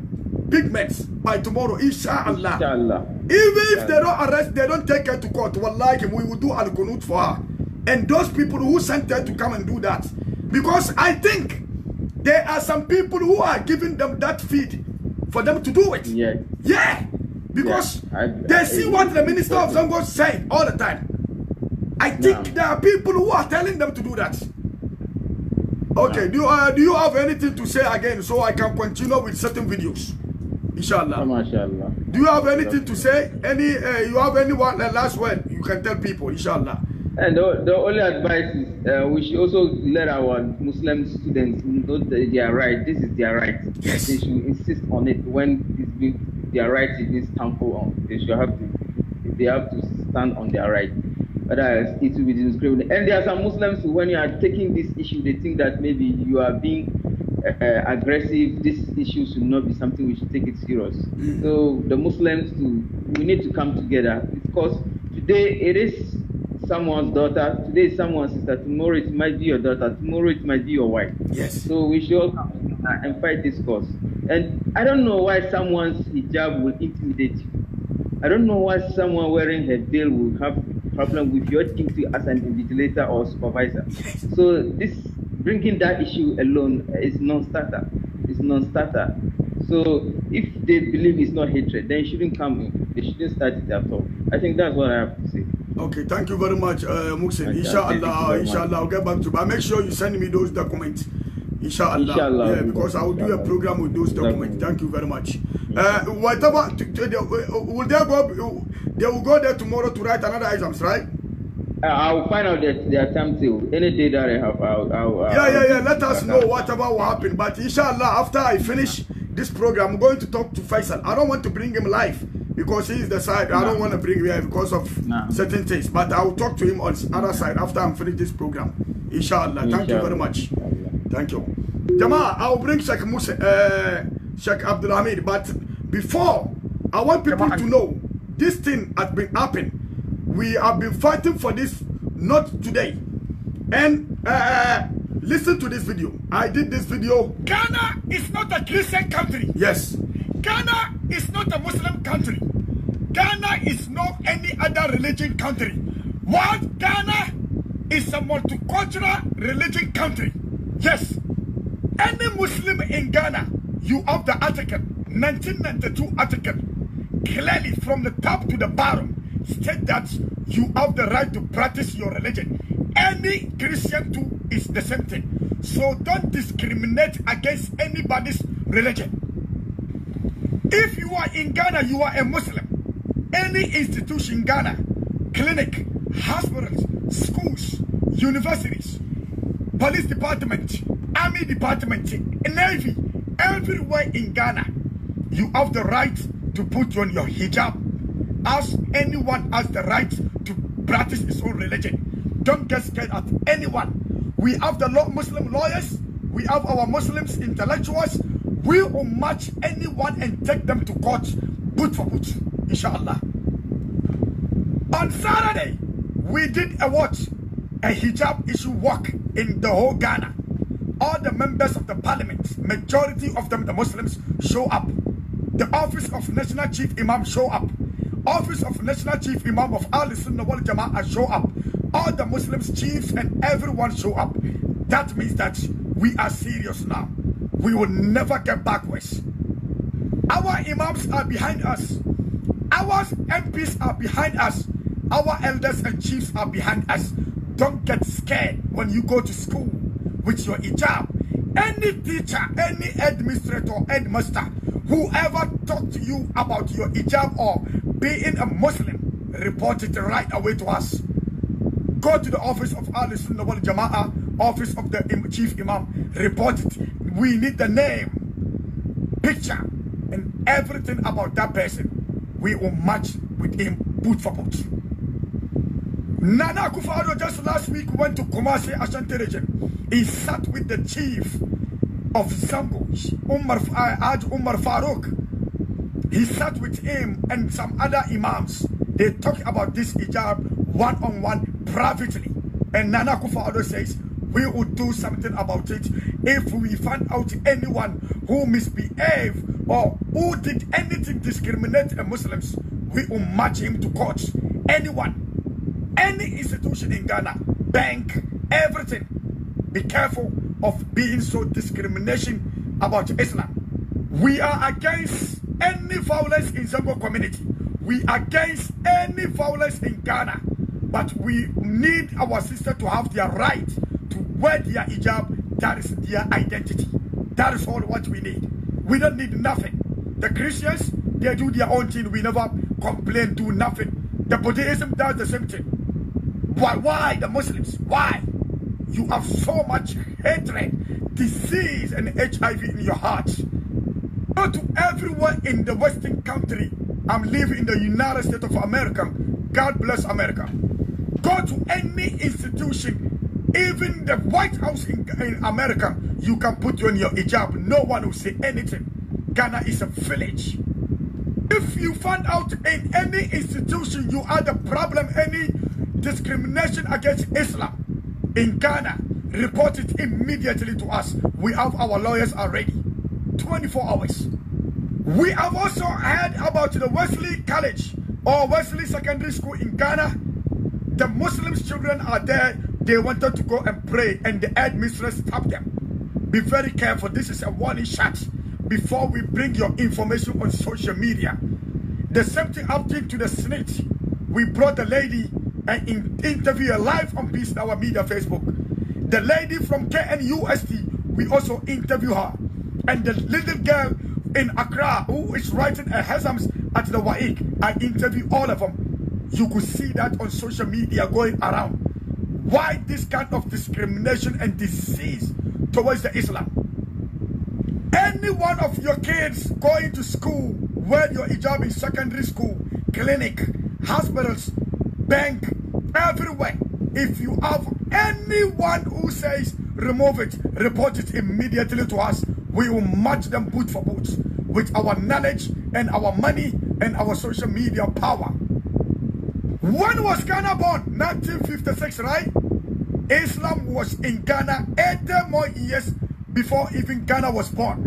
pigments. By tomorrow, inshallah. Inshallah. Even if they don't arrest, they don't take her to court. We'll him. we will do al konut for her. And those people who sent her to come and do that. Because I think there are some people who are giving them that feed for them to do it. Yeah. Yeah. Because yeah. I, they I, see I, what the minister of Zongo said all the time. I think there are people who are telling them to do that. Okay, do, you, uh, do you have anything to say again so I can continue with certain videos? Inshallah. Inshallah. Oh, Do you have anything to say? Any uh, you have any one uh, last word you can tell people, inshallah. And eh, the, the only advice is uh, we should also let our Muslim students know that they are right. This is their right. Yes. They should insist on it when it's been, their right is being trampled on. They should have to they have to stand on their right. Whether it will be discriminated. And there are some Muslims who, when you are taking this issue, they think that maybe you are being uh, aggressive. This issue should not be something we should take it serious. Mm. So the Muslims to, we need to come together because today it is someone's daughter, today is someone's sister, tomorrow it might be your daughter, tomorrow it might be your wife. Yes. So we should all come together and fight this cause. And I don't know why someone's hijab will intimidate you. I don't know why someone wearing her veil will have problem with your duty as an invigilator or supervisor. So this bringing that issue alone is non-starter. It's non-starter. So if they believe it's not hatred, then it shouldn't come in. They shouldn't start it at all. I think that's what I have to say. Okay, thank you very much, uh, Muksin. Okay, inshallah, inshallah, I'll get back to you. But make sure you send me those documents. Inshallah. inshallah. Yeah, because I will do a program with those documents. Thank you very much. Uh, whatever, will they go, they will go there tomorrow to write another exams, right? Uh, I will find out their, time timetable. Any day that I have, I'll, I'll, I'll Yeah, yeah, yeah. Let us know whatever will happen. But inshallah, after I finish this program, I'm going to talk to Faisal. I don't want to bring him live because he is the side. No. I don't want to bring him here because of no. certain things. But I will talk to him on the other side after I'm finished this program. Inshallah. Thank you very much. Thank you. Jama, I will bring Sheikh Musa, uh, Sheikh Abdul Hamid. But before, I want people Jama, to know this thing has been happening. we have been fighting for this not today. And uh, uh, listen to this video. I did this video. Ghana is not a Christian country. Yes. Ghana is not a Muslim country. Ghana is not any other religion country. What Ghana is a multicultural religion country. Yes. Any Muslim in Ghana, you have the article, 1992 article, clearly from the top to the bottom state that you have the right to practice your religion. Any Christian too is the same thing. So don't discriminate against anybody's religion. If you are in Ghana, you are a Muslim. Any institution in Ghana, clinic, hospitals, schools, universities, police department, army department, navy, everywhere in Ghana, you have the right to put on your hijab as anyone has the right to practice his own religion. Don't get scared at anyone. We have the law Muslim lawyers. We have our Muslims intellectuals. We will match anyone and take them to court, boot for boot, inshallah. On Saturday, we did a what? A hijab issue walk in the whole Ghana. All the members of the parliament, majority of them the Muslims, show up. The office of national chief imam show up. Office of National Chief Imam of Al Sunnah Wal Jama'ah show up. All the Muslims, chiefs, and everyone show up. That means that we are serious now. We will never get backwards. Our imams are behind us. Our MPs are behind us. Our elders and chiefs are behind us. Don't get scared when you go to school with your hijab. Any teacher, any administrator, headmaster, whoever taught to you about your hijab or being a Muslim, report it right away to us. Go to the office of Al Sunnah wal Jama'ah, office of the chief imam, report it. We need the name, picture, and everything about that person. We will match with him boot for boot. Nana Kufado just last week went to Kumasi Ashanti region. He sat with the chief of Zango, Umar, uh, Aj Umar Farouk he sat with him and some other imams. They talked about this hijab one-on-one -on -one privately. And Nana Kufa says, we will do something about it if we find out anyone who misbehaved or who did anything discriminate Muslims, we will march him to court. Anyone, any institution in Ghana, bank, everything. Be careful of being so discrimination about Islam. We are against any violence in Zongo community. We against any violence in Ghana. But we need our sister to have their right to wear their hijab. That is their identity. That is all what we need. We don't need nothing. The Christians, they do their own thing. We never complain, do nothing. The Buddhism does the same thing. Why? Why the Muslims? Why? You have so much hatred, disease, and HIV in your heart. Go to everywhere in the Western country. I'm living in the United States of America. God bless America. Go to any institution, even the White House in, in America, you can put you in your hijab. No one will say anything. Ghana is a village. If you find out in any institution you are the problem, any discrimination against Islam in Ghana, report it immediately to us. We have our lawyers already. 24 hours. We have also heard about the Wesley College or Wesley Secondary School in Ghana. The Muslim children are there. They wanted to go and pray and the headmistress stopped them. Be very careful. This is a warning shot before we bring your information on social media. The same thing happened to the snitch. We brought the lady and in interview her live on Peace Our Media Facebook. The lady from KNUST, we also interview her and the little girl in Accra who is writing a Hazams at the Waik. I interview all of them. You could see that on social media going around. Why this kind of discrimination and disease towards the Islam? Any one of your kids going to school, wear your hijab in secondary school, clinic, hospitals, bank, everywhere. If you have anyone who says remove it, report it immediately to us we will match them boot for boot with our knowledge and our money and our social media power. When was Ghana born? 1956, right? Islam was in Ghana 80 more years before even Ghana was born.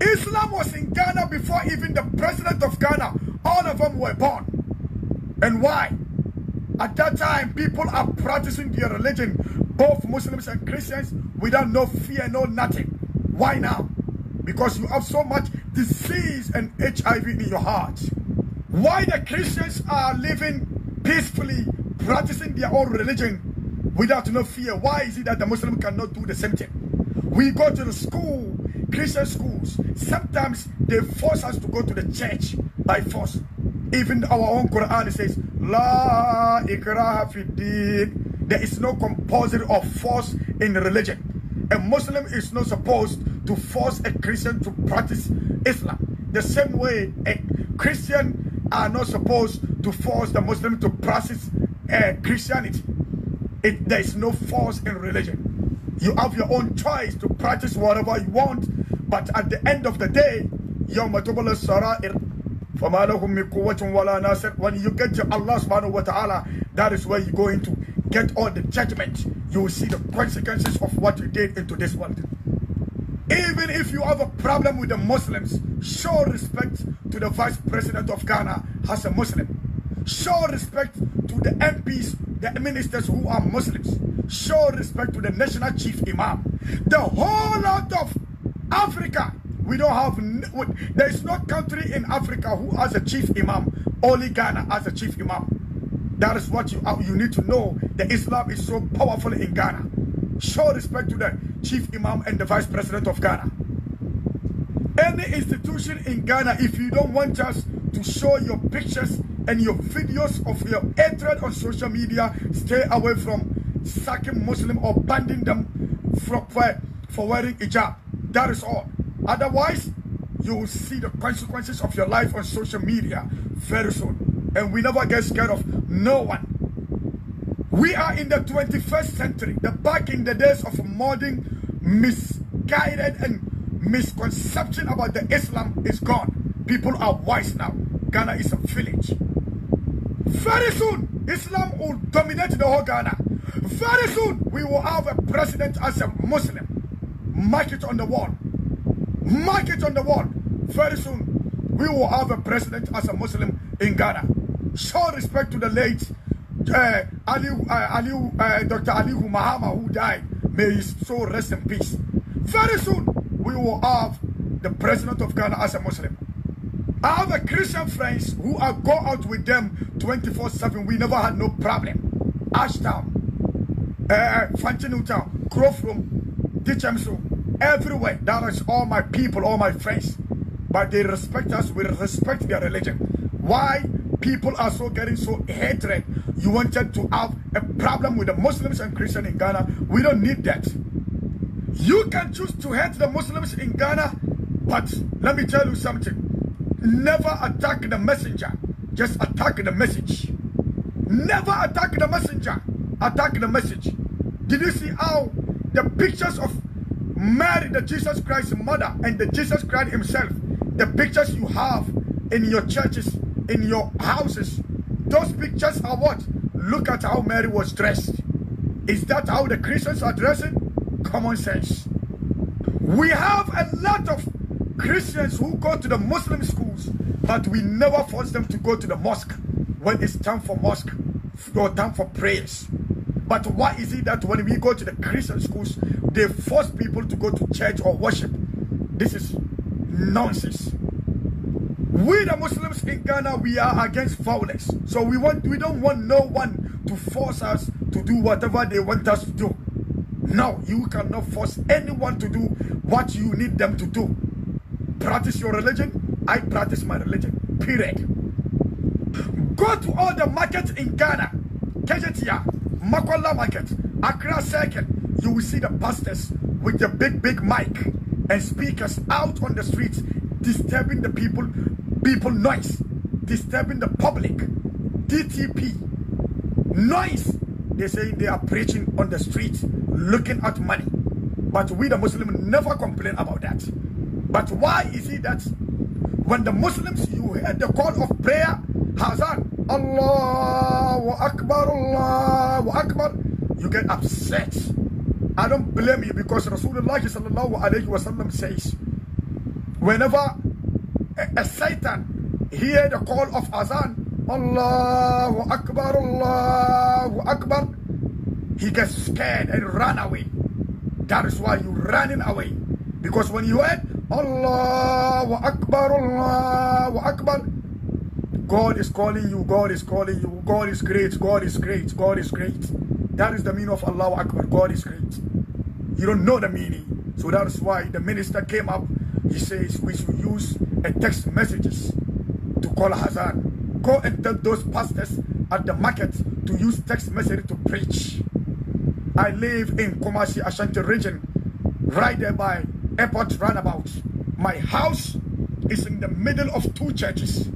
Islam was in Ghana before even the president of Ghana. All of them were born. And why? At that time, people are practicing their religion, both Muslims and Christians, without no fear, no nothing. Why now? Because you have so much disease and HIV in your heart. Why the Christians are living peacefully, practicing their own religion without no fear? Why is it that the Muslim cannot do the same thing? We go to the school, Christian schools. Sometimes they force us to go to the church by force. Even our own Quran says, La ikraha fi There is no compulsory or force in religion. A Muslim is not supposed to force a Christian to practice Islam. The same way a Christian are not supposed to force the Muslim to practice uh, Christianity. It, there is no force in religion. You have your own choice to practice whatever you want, but at the end of the day, when you get to Allah subhanahu wa ta'ala that is where you go into get on the judgment, you will see the consequences of what you did into this world. Even if you have a problem with the Muslims, show respect to the Vice President of Ghana as a Muslim. Show respect to the MPs, the ministers who are Muslims. Show respect to the National Chief Imam. The whole lot of Africa, we don't have, there is no country in Africa who has a Chief Imam, only Ghana has a Chief Imam. That is what you, uh, you need to know. The Islam is so powerful in Ghana. Show respect to the chief imam and the vice president of Ghana. Any institution in Ghana, if you don't want us to show your pictures and your videos of your hatred on social media, stay away from sacking Muslim or banning them from, for wearing hijab. That is all. Otherwise, you will see the consequences of your life on social media very soon and we never get scared of no one. We are in the 21st century, the back in the days of modern misguided and misconception about the Islam is gone. People are wise now. Ghana is a village. Very soon, Islam will dominate the whole Ghana. Very soon, we will have a president as a Muslim. Mark it on the wall. Mark it on the wall. Very soon, we will have a president as a Muslim in Ghana show respect to the late uh, Ali, uh, Ali, uh, Dr. Ali Muhammad, who died. May his soul rest in peace. Very soon, we will have the president of Ghana as a Muslim. I have a Christian friends who I go out with them 24-7. We never had no problem. Ashtown, uh, Fantinu Town, Grove Room, Dichemso, everywhere. That is all my people, all my friends. But they respect us. We respect their religion. Why? people are so getting so hatred. You wanted to have a problem with the Muslims and Christians in Ghana. We don't need that. You can choose to hate the Muslims in Ghana, but let me tell you something. Never attack the messenger. Just attack the message. Never attack the messenger. Attack the message. Did you see how the pictures of Mary, the Jesus Christ's mother, and the Jesus Christ himself, the pictures you have in your churches in your houses, those pictures are what? Look at how Mary was dressed. Is that how the Christians are dressing? Common sense. We have a lot of Christians who go to the Muslim schools, but we never force them to go to the mosque when it's time for mosque or time for prayers. But why is it that when we go to the Christian schools, they force people to go to church or worship? This is nonsense. We the Muslims in Ghana, we are against violence. So we want we don't want no one to force us to do whatever they want us to do. No, you cannot force anyone to do what you need them to do. Practice your religion, I practice my religion. Period. Go to all the markets in Ghana, Kejetia, Makola Market, Accra Circle. You will see the pastors with the big, big mic and speakers out on the streets disturbing the people people noise disturbing the public DTP noise they say they are preaching on the streets looking at money but we the Muslims never complain about that but why is it that when the Muslims you hear the call of prayer Hazan Allahu Akbar Allahu Akbar you get upset I don't blame you because Rasulullah sallallahu wasallam says whenever a Satan hear the call of Azan, Allahu Akbar, Allahu Akbar, he gets scared and run away. That is why you're running away. Because when you heard, Allahu Akbar, Allahu Akbar, God is calling you, God is calling you, God is great, God is great, God is great. That is the meaning of Allahu Akbar, God is great. You don't know the meaning. So that's why the minister came up, he says we should use and text messages to call Hazan. Go and tell those pastors at the market to use text message to preach. I live in Kumasi Ashanti region, right there by airport roundabout. My house is in the middle of two churches.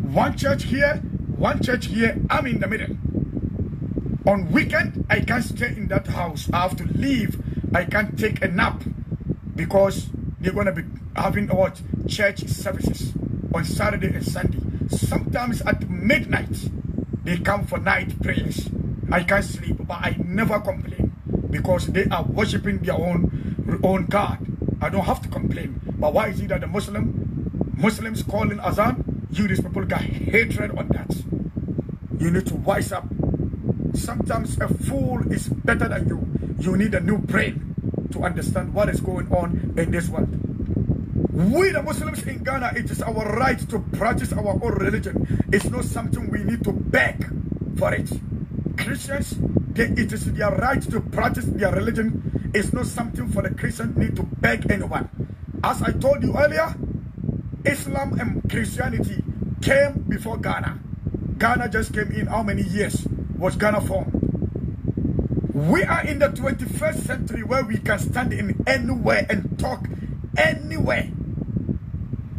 One church here, one church here, I'm in the middle. On weekend, I can't stay in that house. I have to leave. I can't take a nap because they're going to be having what? church services on Saturday and Sunday. Sometimes at midnight, they come for night prayers. I can't sleep, but I never complain because they are worshiping their own, own God. I don't have to complain. But why is it that the Muslim, Muslims calling Azan, you these people got hatred on that. You need to wise up. Sometimes a fool is better than you. You need a new brain to understand what is going on in this world. We, the Muslims in Ghana, it is our right to practice our own religion. It's not something we need to beg for it. Christians, they, it is their right to practice their religion. It's not something for the Christian need to beg anyone. As I told you earlier, Islam and Christianity came before Ghana. Ghana just came in how many years was Ghana formed? We are in the 21st century where we can stand in anywhere and talk anywhere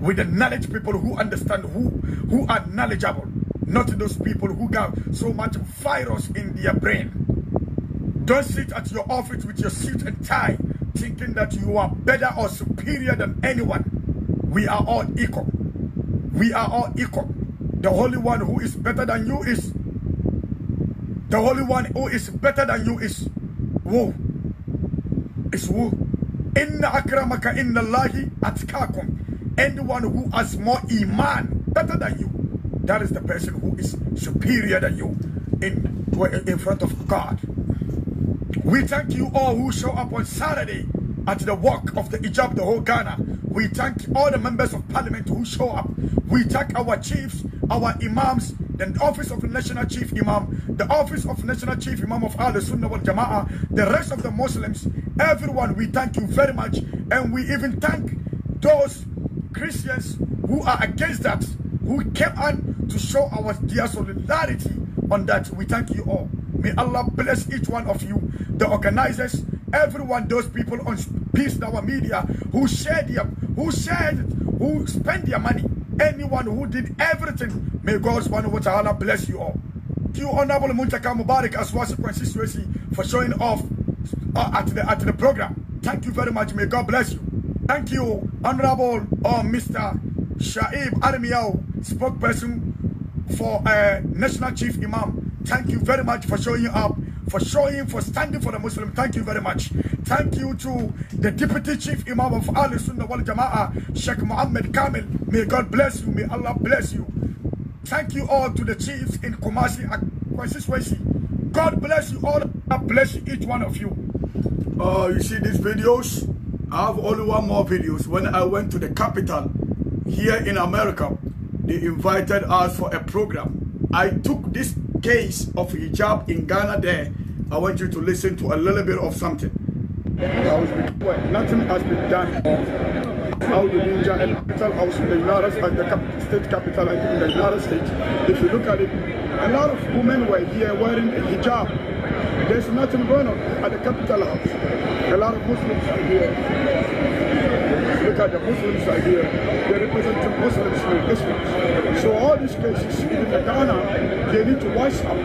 with the knowledge people who understand, who, who are knowledgeable, not those people who got so much virus in their brain. Don't sit at your office with your suit and tie thinking that you are better or superior than anyone. We are all equal. We are all equal. The Holy One who is better than you is. The Holy One who is better than you is. Who? Is who? Inna akramaka inna Lahi atkakum anyone who has more iman better than you, that is the person who is superior than you in, in front of God. We thank you all who show up on Saturday at the walk of the Ijab, the whole Ghana. We thank all the members of parliament who show up. We thank our chiefs, our imams, the office of national chief imam, the office of national chief imam of Al Sunnah wal Jama'ah, the rest of the Muslims, everyone, we thank you very much. And we even thank those Christians who are against that, who came on to show our dear solidarity on that. We thank you all. May Allah bless each one of you, the organizers, everyone, those people on Peace Now Media who shared their, who shared, who spent their money, anyone who did everything. May God subhanahu wa ta'ala bless you all. Thank you, Honorable Muntaka Mubarak Aswasi constituency for showing off uh, at, the, at the program. Thank you very much. May God bless you. Thank you, Honorable Mr. Shaib Armiao, spokesperson for uh, National Chief Imam. Thank you very much for showing up, for showing, for standing for the Muslim. Thank you very much. Thank you to the Deputy Chief Imam of Al Sunnah Wal Jama'ah, Sheikh Muhammad Kamil. May God bless you. May Allah bless you. Thank you all to the chiefs in Kumasi constituency. God bless you all. God bless each one of you. Uh, you see these videos? I have only one more videos. When I went to the capital here in America, they invited us for a program. I took this case of hijab in Ghana there. I want you to listen to a little bit of something. Nothing has been done. How the ninja and capital house in the United and the state capital in the United States. If you look at it, a lot of women were here wearing a hijab. There's nothing going on at the capital house a lot of Muslims are here. Look at the Muslims are here. They represent two Muslims and Muslims. So all these cases, even Ghana, they need to wise up.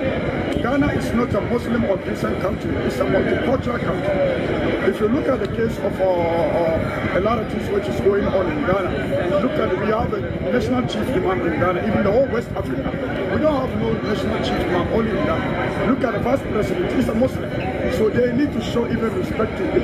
Ghana is not a Muslim or Christian country. It's a multicultural country. If you look at the case of uh, uh, a lot of things which is going on in Ghana, look at we have a national chief imam in Ghana, even the whole West Africa. We don't have no national chief imam only in Ghana. Look at the first president. He's a Muslim. So they need to show even respect to them.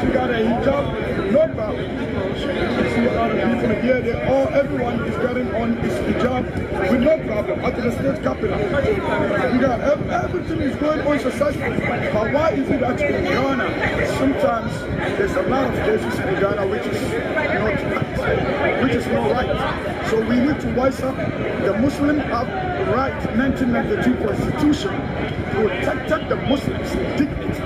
She got a hijab, no problem. You see a lot of people here, they all, everyone is getting on his hijab with no problem at the state capital. You got, everything is going on successful. But why is it that in Ghana, sometimes there's a lot of cases in Ghana which is not, which is not right. So we need to wise up the Muslim have right 1992 constitution protected the Muslims' dignity.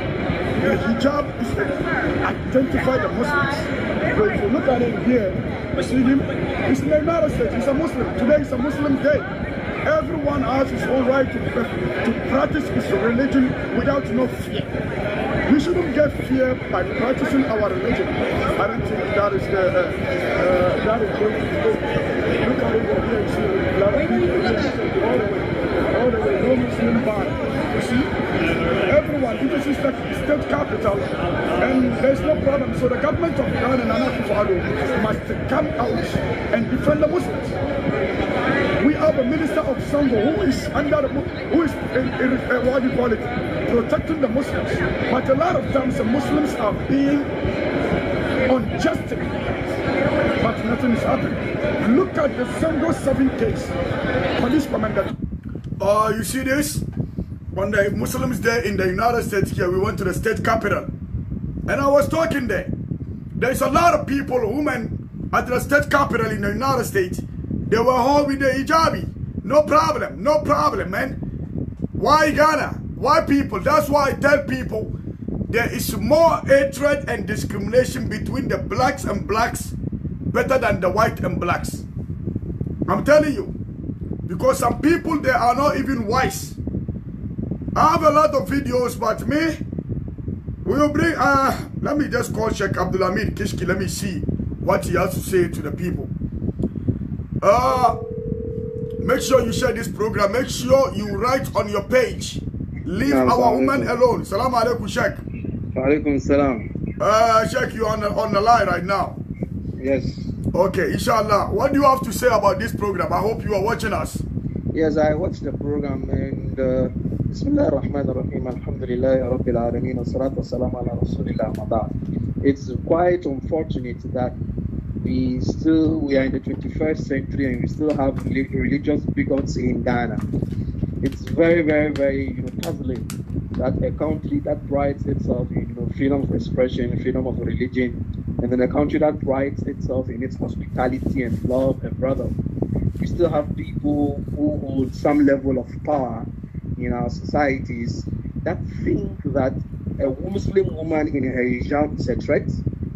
The hijab is to identify the Muslims. But if you look at him here, you see him, he's in the United States, he's a Muslim. Today is a Muslim day. Everyone has his own right to, to practice his religion without no fear. We shouldn't get fear by practicing our religion. I don't think that is the uh, uh, that is going to Look at it here, you see a lot of people here all the way, no Muslim bar. You see? Everyone, because it's the state capital, and there's no problem. So the government of Iran and Anakufado must come out and defend the Muslims. We have a minister of Sango who is under, who is, in, in, what do you call it, protecting the Muslims. But a lot of times the Muslims are being unjustly nothing is happening. Look at the Sango 7 case. Police commander. Uh, you see this? When the Muslims there in the United States here, we went to the state capital. And I was talking there. There's a lot of people, women, at the state capital in the United States. They were home with the hijabi. No problem, no problem, man. Why Ghana? Why people? That's why I tell people there is more hatred and discrimination between the blacks and blacks better than the white and blacks. I'm telling you, because some people, they are not even wise. I have a lot of videos, but me, we will bring, uh, let me just call Sheikh Abdulhamid Kishki, let me see what he has to say to the people. Uh, make sure you share this program. Make sure you write on your page. Leave Salaam our women alone. Salam alaikum, Sheikh. Alaikum salam. Uh, Sheikh, you're on the, on the line right now. Yes. Okay, inshallah. What do you have to say about this program? I hope you are watching us. Yes, I watched the program and uh, Alhamdulillah, It's quite unfortunate that we still, we are in the 21st century and we still have religious bigots in Ghana. It's very, very, very you know, puzzling that a country that prides itself in you know, freedom of expression, freedom of religion, and then a country that prides itself in its hospitality and love and brotherhood, you still have people who hold some level of power in our societies that think that a Muslim woman in her hijab is a threat,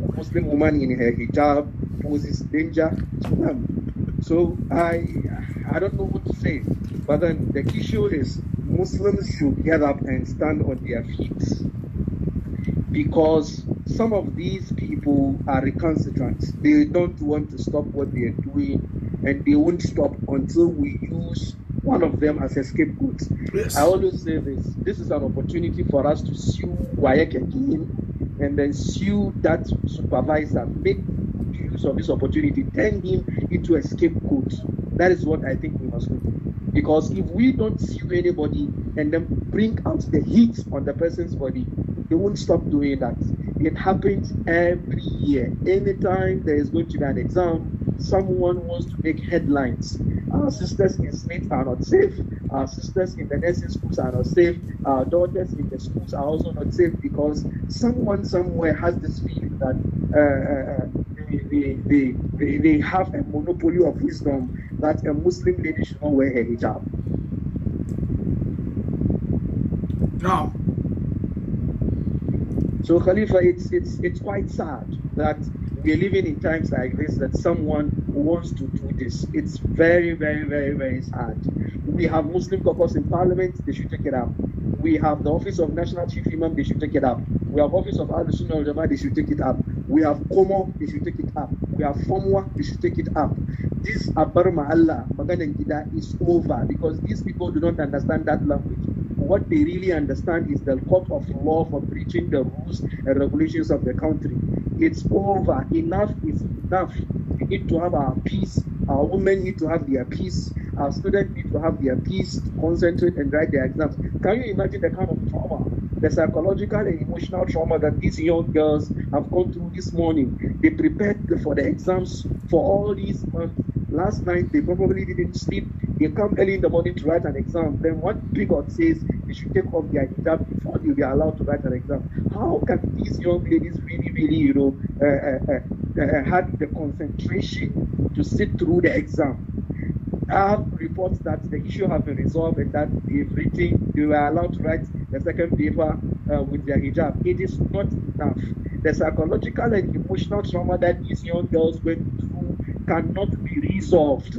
a Muslim woman in her hijab poses danger to them. So I I don't know what to say. But then the issue is Muslims should get up and stand on their feet because some of these people are recalcitrant. They don't want to stop what they are doing, and they won't stop until we use one of them as a scapegoat. Yes. I always say this this is an opportunity for us to sue Wayek again and then sue that supervisor, make use of this opportunity, turn him into a scapegoat. That is what I think we must do. Because if we don't sue anybody and then bring out the heat on the person's body, they won't stop doing that. It happens every year. Anytime there is going to be an exam, someone wants to make headlines. Our sisters in Smith are not safe. Our sisters in the nursing schools are not safe. Our daughters in the schools are also not safe because someone somewhere has this feeling that uh, uh, uh they, they, they, they have a monopoly of wisdom that a Muslim lady should not wear a hijab. Now, so Khalifa, it's, it's, it's quite sad that we're living in times like this that someone wants to do this. It's very, very, very, very sad. We have Muslim caucus in parliament, they should take it up. We have the office of national chief imam, they should take it up. We have office of al Jama, they should take it up. We have Komo, they should take it up. We have Fomwa, they should take it up. This Abar Ma'Allah, Magan and Gida is over because these people do not understand that language what they really understand is the court of law for breaching the rules and regulations of the country. It's over. Enough is enough. We need to have our peace. Our women need to have their peace. Our students need to have their peace to concentrate and write their exams. Can you imagine the kind of trauma, the psychological and emotional trauma that these young girls have gone through this morning? They prepared for the exams for all these months. Last night, they probably didn't sleep. They come early in the morning to write an exam. Then what Pigot says should take off their hijab before they'll be allowed to write an exam. How can these young ladies really, really, you know, uh, uh, uh, had the concentration to sit through the exam? I have reports that the issue has been resolved and that everything, they were allowed to write the second paper with their hijab. It is not enough. The psychological and emotional trauma that these young girls went through cannot be resolved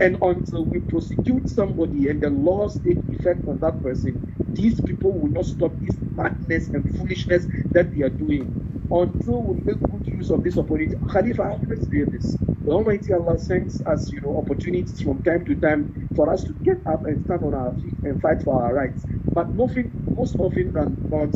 and until we prosecute somebody and the laws take effect on that person, these people will not stop this madness and foolishness that they are doing until we make good use of this opportunity. Khalifa, let's do this. The Almighty Allah sends us, you know, opportunities from time to time for us to get up and stand on our feet and fight for our rights. But nothing, most often than not,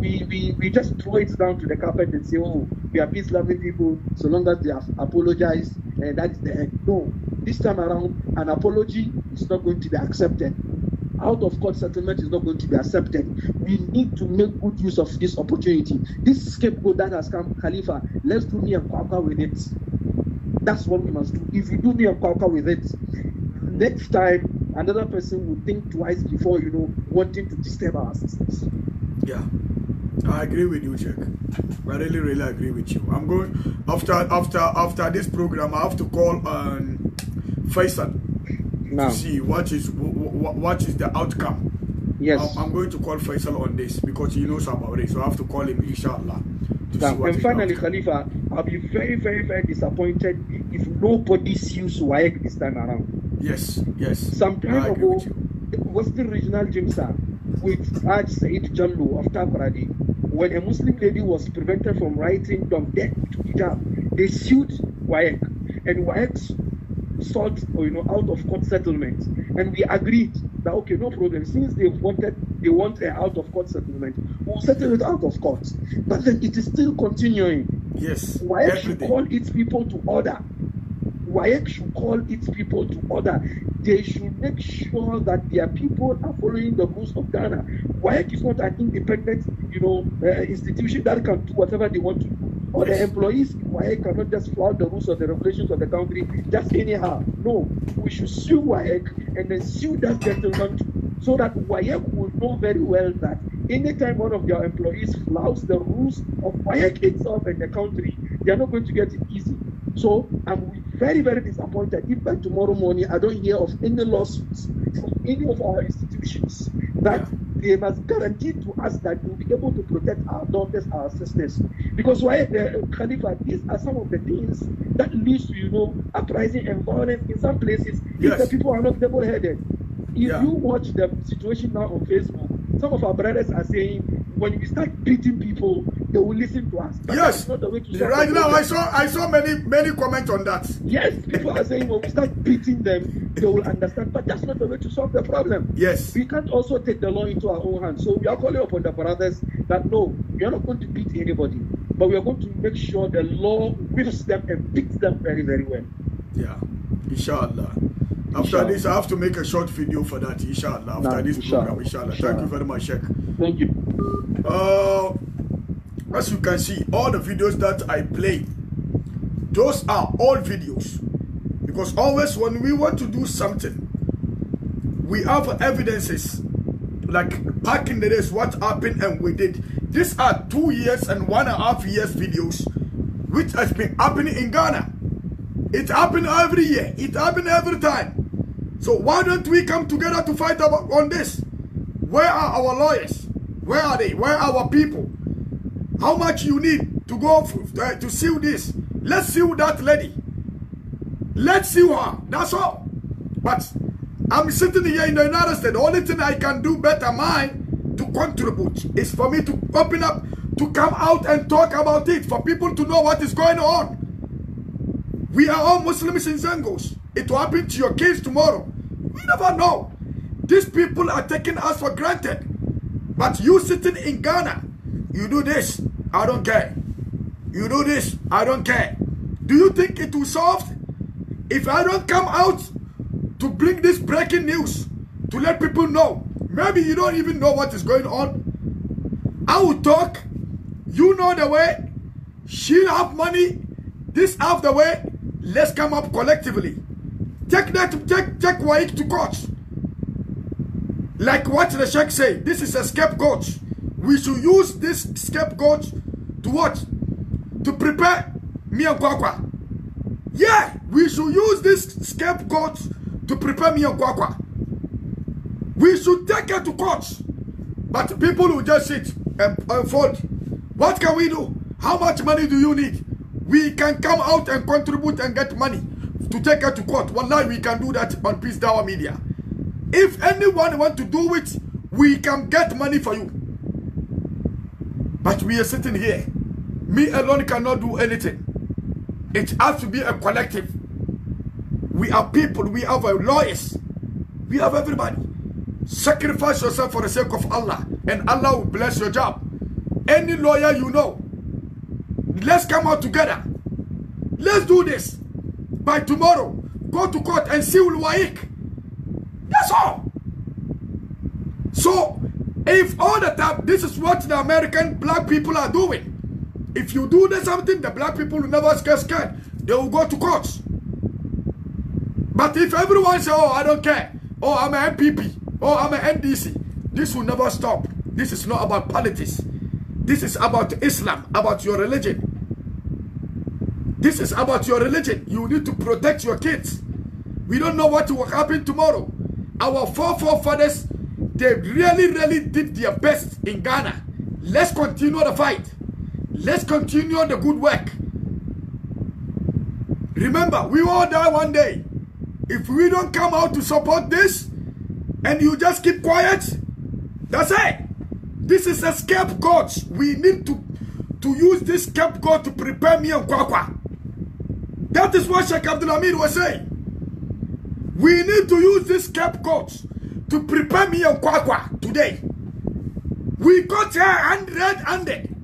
we, we, we just throw it down to the carpet and say, oh, we are peace-loving people, so long as they have apologized, and that's the end. No, this time around, an apology is not going to be accepted. Out of court settlement is not going to be accepted. We need to make good use of this opportunity. This scapegoat that has come, Khalifa, let's do me and Kwakwa with it. That's what we must do. If we do me and Kwakwa with it, next time another person will think twice before you know wanting to disturb our systems. Yeah. I agree with you, Jack. I really, really agree with you. I'm going after after after this program. I have to call on Faisal, no. to see what is what is the outcome. Yes. I'm going to call Faisal on this because he knows about it, so I have to call him, inshallah. Now, and finally, Khalifa, I'll be very, very, very disappointed if nobody sues WAEC this time around. Yes, yes. Some time ago, the Regional Jimsa with Haj Said Jamlu of Takradi, when a Muslim lady was prevented from writing from death to hijab, they sued WAEC. And WAEC sought or you know out of court settlement and we agreed that okay no problem since they wanted they want an out of court settlement we'll settle it out of court but then it is still continuing yes why should call its people to order why should call its people to order they should make sure that their people are following the rules of Ghana. WAEC is not an independent, you know, uh, institution that can do whatever they want to do or the employees in WAEC cannot just flout the rules or the regulations of the country just anyhow. No, we should sue WAEC and then sue that gentleman so that WAEC will know very well that anytime one of your employees flouts the rules of WAEC itself and the country, they are not going to get it easy. So I'm very, very disappointed if by tomorrow morning I don't hear of any lawsuits from any of our institutions that they must guarantee to us that we'll be able to protect our daughters, our sisters. Because why the uh, Khalifa, these are some of the things that leads to, you know, uprising and violence in some places yes. if the people are not double-headed. If yeah. you watch the situation now on Facebook, some of our brothers are saying when we start beating people, they will listen to us. But yes. Not the way to right now, I saw I saw many many comments on that. Yes, people are saying when we start beating them, they will understand. But that's not the way to solve the problem. Yes. We can't also take the law into our own hands. So we are calling upon the brothers that no, we are not going to beat anybody, but we are going to make sure the law whips them and beats them very very well. Yeah. Inshallah. After inshallah. this, I have to make a short video for that, inshallah. After nah, this inshallah. program, inshallah. inshallah. Thank you very much, Sheikh. Thank you. Uh, as you can see all the videos that i play those are all videos because always when we want to do something we have evidences like back in the days what happened and we did these are two years and one and a half years videos which has been happening in ghana it happened every year it happened every time so why don't we come together to fight about on this where are our lawyers where are they where are our people how much you need to go uh, to seal this? Let's seal that lady. Let's seal her. That's all. But I'm sitting here in the United States. The only thing I can do better mine to contribute is for me to open up, to come out and talk about it, for people to know what is going on. We are all Muslims in Zangos. It will happen to your kids tomorrow. We never know. These people are taking us for granted. But you sitting in Ghana, you do this, I don't care. You do this, I don't care. Do you think it will solve? If I don't come out to bring this breaking news, to let people know, maybe you don't even know what is going on. I will talk. You know the way. She'll have money. This have the way. Let's come up collectively. Take that, take, take Waik to court. Like what the Sheikh say, this is a scapegoat we should use this scapegoat to what? To prepare me and Kwakwa. Yeah, we should use this scapegoat to prepare me and Kwakwa. We should take her to court. But people will just sit and, fold. What can we do? How much money do you need? We can come out and contribute and get money to take her to court. One night we can do that on Peace our Media. If anyone want to do it, we can get money for you. But we are sitting here. Me alone cannot do anything. It has to be a collective. We are people. We have lawyers. We have everybody. Sacrifice yourself for the sake of Allah. And Allah will bless your job. Any lawyer you know. Let's come out together. Let's do this. By tomorrow, go to court and see Ulwaik. That's all. So if all the time, this is what the American black people are doing. If you do this something, the black people will never get scared. They will go to court. But if everyone say, oh, I don't care. Oh, I'm an MPP. Oh, I'm an NDC. This will never stop. This is not about politics. This is about Islam, about your religion. This is about your religion. You need to protect your kids. We don't know what will happen tomorrow. Our four forefathers they really, really did their best in Ghana. Let's continue the fight. Let's continue the good work. Remember, we all die one day. If we don't come out to support this, and you just keep quiet, that's it. This is a scapegoat. We need to, to use this scapegoat to prepare me and Kwakwa. That is what Sheikh Abdul Amir was saying. We need to use this scapegoat to prepare me and Kwakwa today. We got here and red-handed.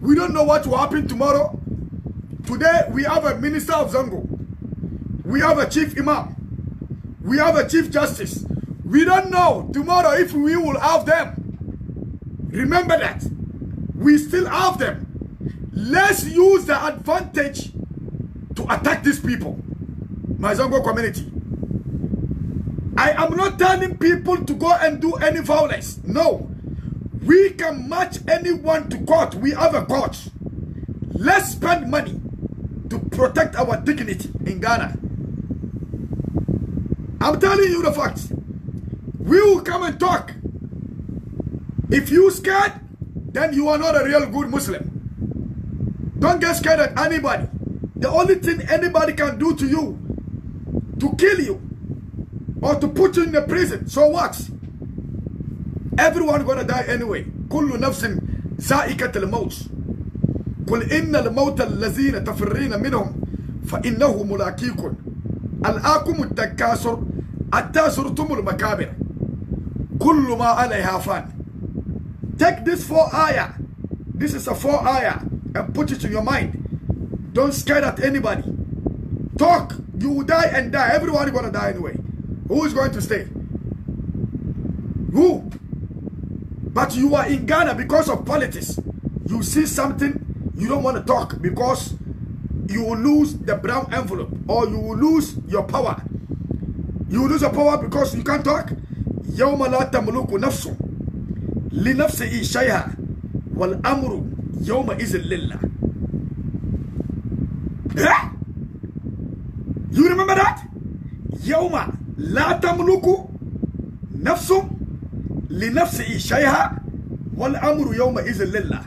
We don't know what will happen tomorrow. Today, we have a minister of Zango. We have a chief imam. We have a chief justice. We don't know tomorrow if we will have them. Remember that. We still have them. Let's use the advantage to attack these people. My Zango community. I am not telling people to go and do any violence. No. We can match anyone to court. We have a court. Let's spend money to protect our dignity in Ghana. I'm telling you the facts. We will come and talk. If you scared, then you are not a real good Muslim. Don't get scared at anybody. The only thing anybody can do to you, to kill you, or to put you in the prison. So what? Everyone gonna die anyway. كل نفس زائقة الموت. قل إن الموت الذين تفرين منهم فإنه ملاقيكم. ألقاكم التكاثر حتى زرتم المكابر. كل ما عليها فان. Take this four ayah. This is a four ayah and put it in your mind. Don't scare at anybody. Talk. You will die and die. Everyone gonna die anyway. Who is going to stay? Who? But you are in Ghana because of politics. You see something, you don't want to talk because you will lose the brown envelope or you will lose your power. You will lose your power because you can't talk. يوم لا تملك نفس لنفسه شيئا والأمر يومئذ لله. Yeah? You remember that? Yoma لا تملك نفس لنفس شيئا والأمر يومئذ لله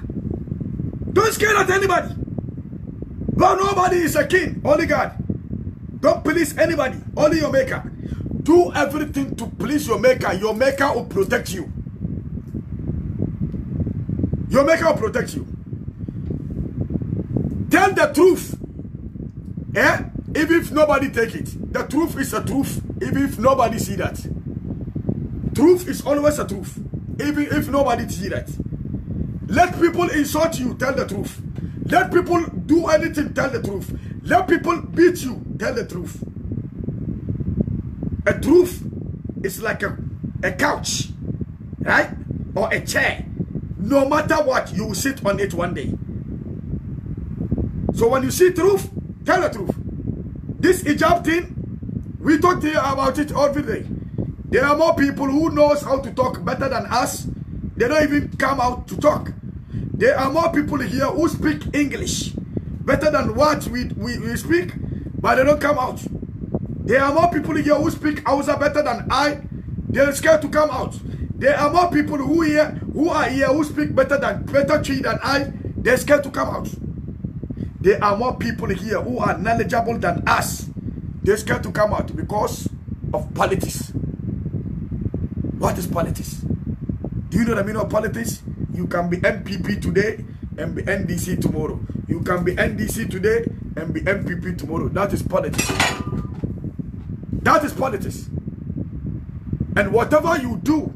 Don't scare at anybody. But nobody is a king, only God. Don't please anybody, only your maker. Do everything to please your maker. Your maker will protect you. Your maker will protect you. Tell the truth. Eh? if nobody take it. The truth is a truth, even if nobody see that. Truth is always a truth, even if nobody see that. Let people insult you, tell the truth. Let people do anything, tell the truth. Let people beat you, tell the truth. A truth is like a, a couch, right? Or a chair. No matter what, you will sit on it one day. So when you see truth, tell the truth. This hijab thing, we talk about it every day. There are more people who knows how to talk better than us. They don't even come out to talk. There are more people here who speak English better than what we, we, we speak, but they don't come out. There are more people here who speak Hausa better than I. They're scared to come out. There are more people who here who are here who speak better than better tree than I. They're scared to come out. There are more people here who are knowledgeable than us. They're scared to come out because of politics. What is politics? Do you know the meaning of politics? You can be MPP today and be NDC tomorrow. You can be NDC today and be MPP tomorrow. That is politics. That is politics. And whatever you do,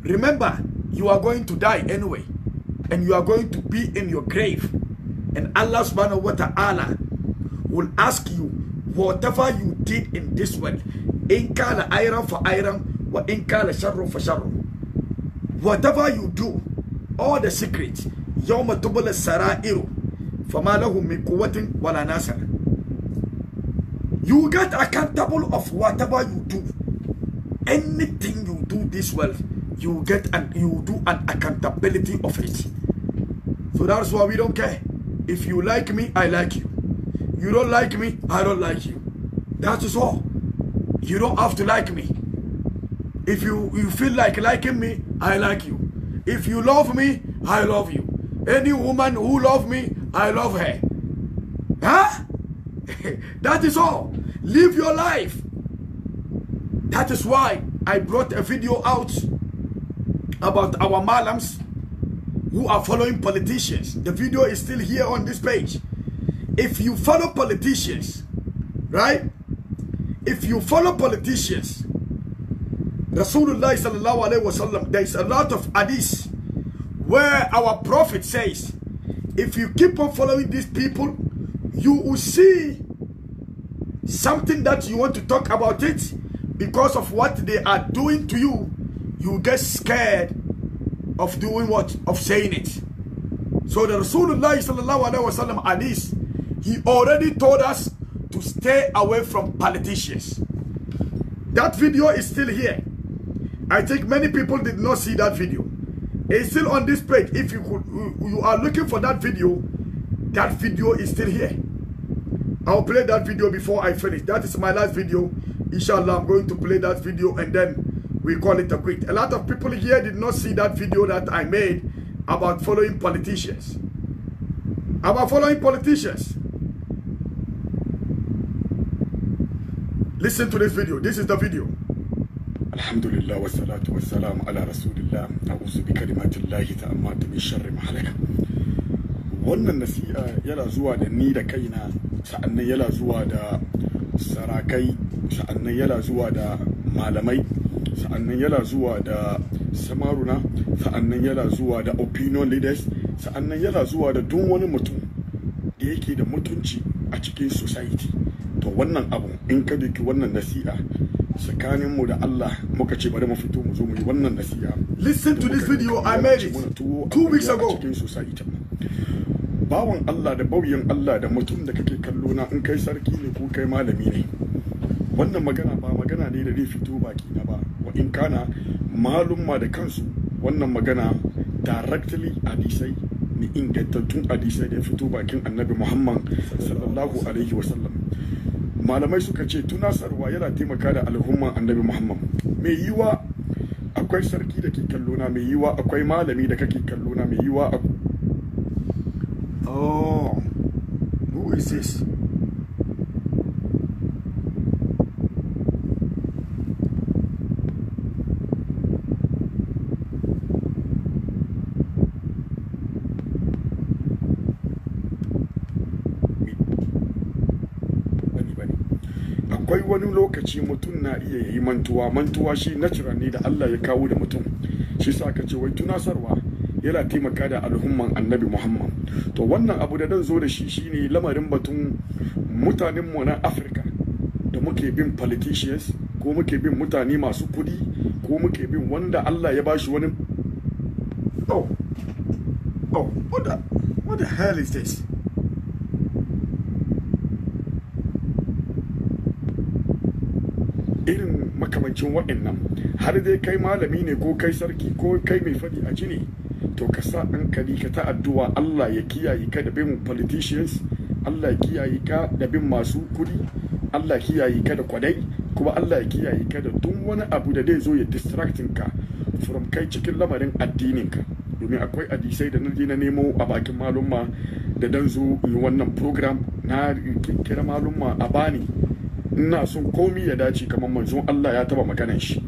remember, you are going to die anyway. And you are going to be in your grave. And Allah subhanahu wa ta'ala will ask you whatever you did in this world. In kana iron for iron, or in kana sharru for sharru. Whatever you do, all the secrets, يوم تبل السرائر فما له من قوة ولا ناصر. You get accountable of whatever you do. Anything you do this world, you get and you do an accountability of it. So that's why we don't care. If you like me, I like you. You don't like me, I don't like you. That is all. You don't have to like me. If you, you feel like liking me, I like you. If you love me, I love you. Any woman who love me, I love her. Huh? [laughs] that is all. Live your life. That is why I brought a video out about our malams who are following politicians. The video is still here on this page. If you follow politicians, right? If you follow politicians, Rasulullah sallallahu alayhi wasallam, there is a lot of hadith where our prophet says, if you keep on following these people, you will see something that you want to talk about it because of what they are doing to you. You get scared of doing what? Of saying it. So the Rasulullah sallallahu alaihi wasallam hadith, he already told us to stay away from politicians. That video is still here. I think many people did not see that video. It's still on this page. If you could, you are looking for that video, that video is still here. I'll play that video before I finish. That is my last video. Inshallah, I'm going to play that video and then we call it a quit. A lot of people here did not see that video that I made about following politicians. About following politicians. Listen to this video. This is the video. الحمد لله والصلاة والسلام على رسول الله أعوذ بكلمات الله تأمات من شر ما halaka. wannan nasi'a ni da kaina sa'annan yana zuwa da sarakai sa'annan yana da sa'annan yana zuwa da samaruna sa'annan yana zuwa da opinion leaders sa'annan yana zuwa da duk wani mutum da yake da mutunci a cikin society to wannan abu in ka duki wannan nasiha tsakanin mu da Allah muka ce bari mu fito mu zo mu yi wannan nasiha listen to this video i made it two weeks ago cikin society bawan Allah da bauyin Allah da mutum da kake kallo na in kai sarki ne ko kai malami ne wannan magana ba magana ne da zai fito baki na ba wa in kana malumma da kansu wannan magana directly hadisai ni ingantattun hadisai da ya fito bakin annabi muhammad sallallahu alaihi wasallam malamai suka ce tunasarwa yana taimaka da al'umman annabi muhammad mai yiwa akwai sarki da ke kallona mai yiwa akwai malami da kake kallona mai yiwa oh who is this mutum na iya yi mantuwa mantuwa shi natural ne da Allah ya kawo da mutum shi sa aka ce wai tunasarwa yana taimaka da al'umman annabi muhammad to wannan abu da dan zo da shi shi ne lamarin batun mutanen mu afirka da muke bin politicians ko muke bin mutane masu kudi ko muke bin wanda allah ya bashi wani oh oh what the hell is this makamancin waɗannan har dai kai malami ne ko kai sarki ko kai mai faɗi a jini to ka sa hankali ka ta addu'a Allah ya kiyaye ka da bin politicians Allah ya kiyaye ka da bin masu kuɗi Allah ya kiyaye ka da kwadai kuma Allah ya kiyaye ka da tun wani abu da zai zo ya distracting ka from kai cikin lamarin addinin ka domin akwai hadisai da naje na nemo a bakin malumma da dan zo wannan program na kira malumma a bani ina sun komi ya dace kamar manzon Allah ya taba maganan shi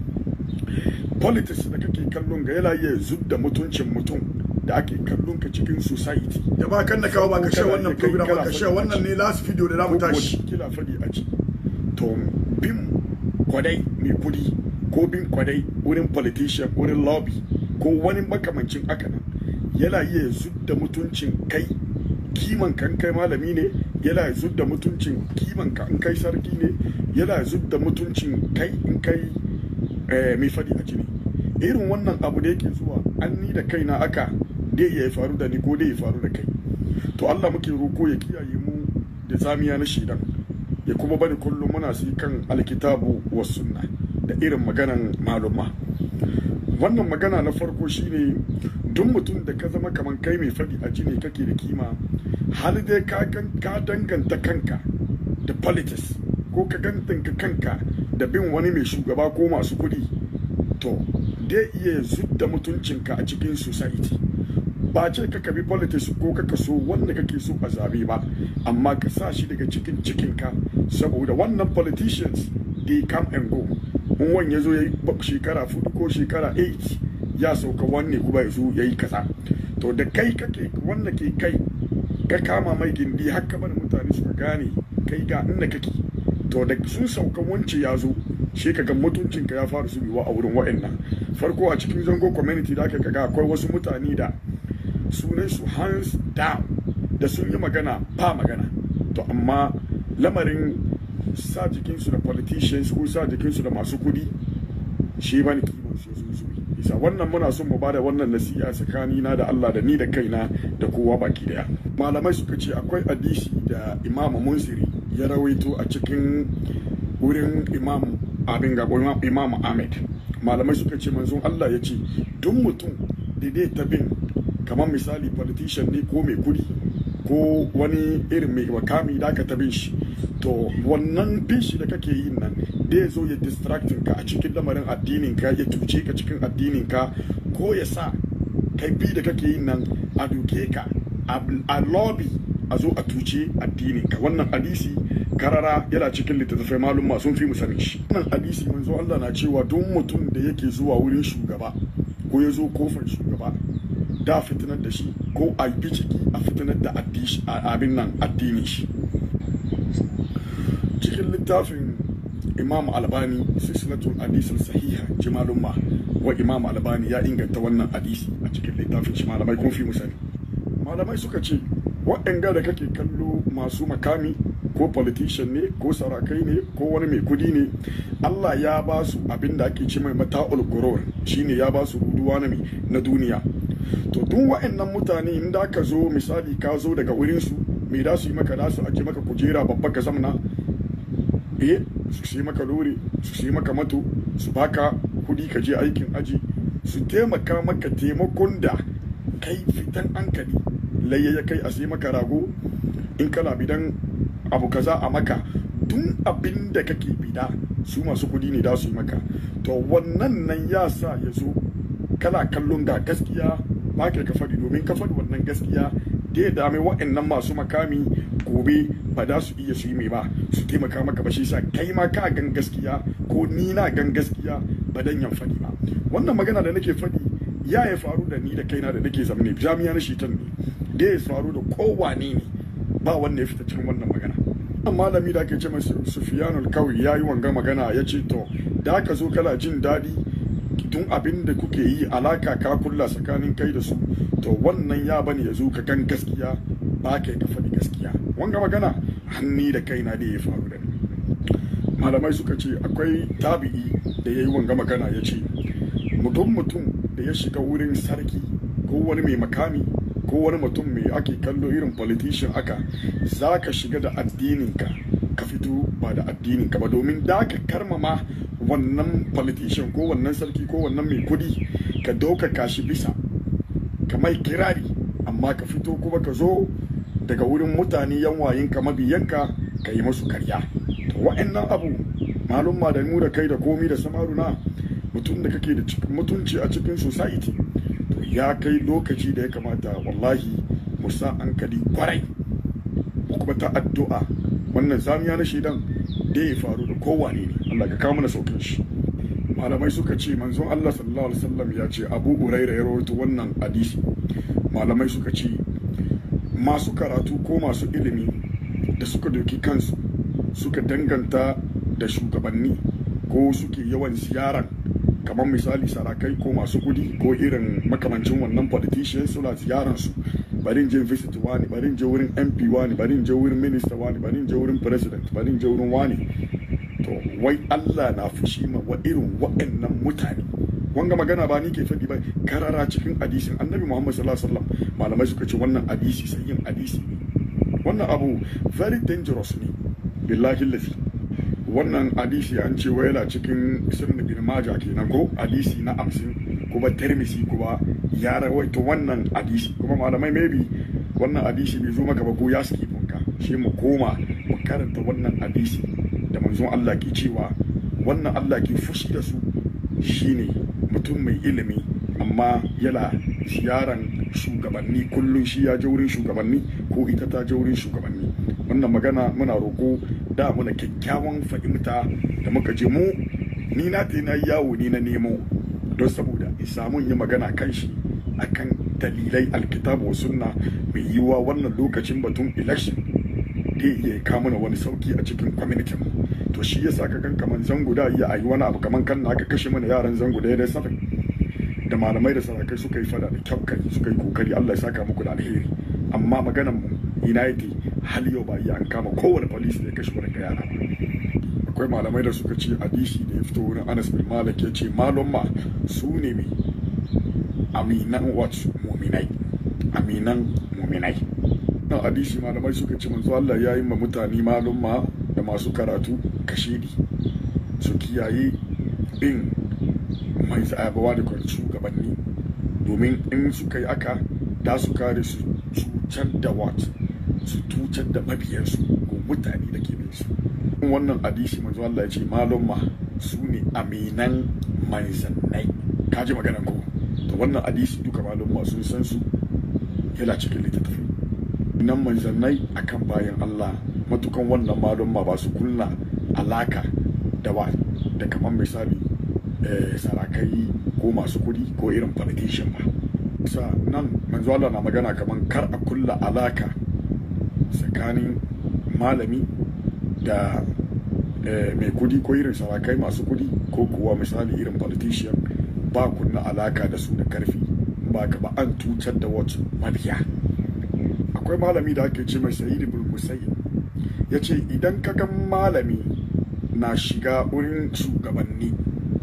politics da kake kallon ga yana iya zudda mutuncin mutum da ake kallon ka cikin society da ba kan da kawo ba ka share wannan program ba ka share wannan ne last video da zamu tashi kila fadi a ci to bin kwadai mai kudi ko bin kwadai wurin politician wurin lobby ko wani makamancin aka nan yana iya zudda mutuncin kai kiman kan kai malami ne yana zub da mutuncin kimanka in kai sarki ne yana zub da mutuncin kai in kai eh, mai fadi a jini irin wannan abu da yake zuwa an ni da kaina aka dai ya faru da ni ko dai ya faru da kai to Allah muke roko ya kiyaye mu da zamiya na shidan ya kuma bari kullum muna su kan alkitabu wa sunna da irin maganan maluma wannan magana na farko shine duk mutum da ka zama kamar kai mai fadi a jini kake da kima har dai ka danganta kanka da politics ko ka gantanka kanka da bin wani mai shugaba ko masu kuɗi to dai iya zudda mutuncinka a cikin society ba ce ka kabi politics ko ka so wanda kake so a zabe ba amma ka sa shi daga cikin cikinka saboda wannan politicians they come and go in wani ya zo ya yi shekara fudu ko shekara 8 ya sauka wanne kuma ya zo ya yi kaza to da kai kake wanda ke kai ka kama mai gindi har ka bari mutane suka gane kai ga inda kake to da sun sauka wance ya zo shi ka ga mutuncin ka ya fara zubewa a wurin wa'annan farko a cikin zango community da aka kaga akwai wasu mutane da sunan su hands down da sun yi magana ba magana to amma lamarin sa jikinsu da politicians ko sa jikinsu da masu kudi shi ba bisa wannan muna son mu bada wannan nasiha tsakani na da Allah da ni da kaina da kowa baki daya malamai suka ce akwai hadisi da Imam Munsiri ya rawaito a cikin wurin imamu abin gabo Imam Ahmed malamai suka ce manzon Allah ya ce duk mutum da dai bin kamar misali politician ne ko mai kudi ko wani irin mai wakami da aka tabin shi to wannan bin shi da kake yin nan da ya zo ya distraction ka a cikin lamarin addinin ka ya tuce ka cikin addinin ka ko ya sa kai bi da kake yin nan a duke ka a lobby a zo a tuce addinin ka wannan hadisi karara yana cikin littattafai malum masu fi musamman shi wannan hadisi manzo Allah na cewa duk mutum da yake zuwa wurin shugaba ko ya zo kofar shugaba da fitinar da shi ko a bi ciki a fitinar da abin nan addini shi cikin littafin imam albani silsilatul hadis sahiha jimalun ma wa imam albani ya inganta wannan hadisi a cikin littafin shi malamai kun fi musani malamai suka ce waɗanga da kake kallo masu makami ko politician ne ko sarakai ne ko wani mai kudi ne Allah ya ba su abin da ake ce mai mata'ul gurur shine ya ba su ruduwa na na duniya to duk waɗannan mutane in da ka zo misali ka zo daga wurin su me da su yi maka da su ake maka kujera babba ka zamna tsaye su sai maka lore su sai maka mato su baka kuɗi ka je aikin aji su taimaka maka taimakon da kai fitan hankali layya ya kai a sai maka rago in kana bidan abu kaza a maka tun abin da kake bida su masu kuɗi ne da su maka to wannan nan ya sa ya zo kana kallon ga gaskiya ba ka faɗi domin ka faɗi wannan gaskiya da ya dame wa'annan masu makami gobe ba da su iya su yi mai ba su taimaka maka ba shi sa kai ma ka gan gaskiya ko ni na gan gaskiya ba dan yan faɗi ba wannan magana da nake faɗi ya ya faru da ni da kaina da nake zamani jami'a na shitan ne da ya faru da kowane ne ba wanda ya fita cikin wannan magana malami da ake ce mai sufiyanul kawai ya yi wanga magana ya ce to da ka zo kana jin daɗi tun abin da kuke yi alaka ka kulla tsakanin kai da su to wannan ya bani ya zo ka gan gaskiya ba ka yi faɗi gaskiya wanga magana hannu da kaina da ya faru da malamai suka ce akwai tabi'i da ya yi wanga magana ya ce mutum mutum da ya shiga wurin sarki ko wani mai makami ko wani mutum mai ake kallo irin politician aka za ka shiga da addininka ka fito ba da addininka ba domin da ka karmama wannan politician ko wannan sarki ko wannan mai kudi ka ɗaukaka shi bisa ka mai kirari amma ka fito kuma ka zo daga wurin mutane yan ka mabiyanka ka yi musu karya to wa'annan abu ma da mu da kai da komi da samaruna mutum da kake da mutunci a cikin society to ya kai lokaci da ya kamata wallahi musa sa hankali kwarai mu kuma ta addu'a wannan zamiya na shidan da ya faru da kowane ne Allah ka kawo mana saukin shi malamai suka ce manzon Allah sallallahu alaihi wasallam ya ce Abu Hurairah ya rawaito wannan hadisi malamai suka ce masu karatu ko masu ilimi da suka doki kansu suka danganta da shugabanni ko suke yawan ziyara kamar misali sarakai ko masu kudi ko irin makamancin wannan politician suna ziyarar su barin je visit wani barin je wurin mp wani barin je wurin minister wani barin je wurin president barin je wurin wani to wai allah na fushi ma wa irin wa'annan mutane wanga magana ba ni ke faɗi ba karara cikin hadisin annabi muhammad sallallahu alaihi wasallam malamai suka ce wannan hadisi sai yin hadisi ne wannan abu very dangerous ne billahi lafi wannan hadisi an ce yana cikin sirrin ibn maja kenan ko hadisi na amsin kuma tirmisi kuma ya rawaito wannan hadisi kuma malamai maybe wannan hadisi bai zo maka ba ko ya suke funka shi mu koma mu karanta wannan hadisi da manzon Allah ke cewa wannan Allah ke fushi da su shine mutum mai ilimi amma yana ziyaran shugabanni kullum shi ya je wurin shugabanni ko ita ta je wurin shugabanni wannan magana muna roko da muna kyakkyawan fahimta da muka je mu ni na ta na yawo ni na nemo don saboda in samu yi magana kan shi akan dalilai alkitabu sunna mai yiwa wannan lokacin batun election da iya kamuna mana wani sauki a cikin kwamitin mu to shi yasa ka kan kaman zango da iya ayi wani abu kaman kan aka kashe mana yaran zango da da safin da malamai da sarakai suka yi fada da kai suka yi kokari Allah ya saka muku da alheri amma maganan mu ina yake hal yau ba iya an kama kowane police da ya kashe wani yara akwai malamai da suka ce hadisi da ya fito wurin Anas bin Malik ya ce ma? su ne mai aminan wat muminai aminan muminai na hadisi malamai suka ce manzo Allah ya yi ma mutane ma? masu karatu kashedi su kiyaye bin mai tsayabawa da shugabanni domin in suka yi aka da su kare su cutar da wat su cutar da mabiyansu ko mutane da ke bin su wannan hadisi manzo Allah ya ce malumma su ne aminan manzannai kaji maganan ko da wannan hadisi duka malumma sun san su yana cikin littattafai nan manzannai akan bayan Allah matukan wannan ma don ma ba su kulla alaka da ba da kamar misali eh, sarakai ko masu kuɗi ko irin politician ba sa nan manzo Allah na magana kamar kar a kulla alaka tsakanin malami da eh, mai kudi ko irin sarakai masu kudi ko kuwa misali irin politician ba kunna alaka da su da karfi ba ka ba an tutar da wata mabiya akwai malami da ake ce mai sa'id ibn ya ce idan ka gan malami na shiga wurin shugabanni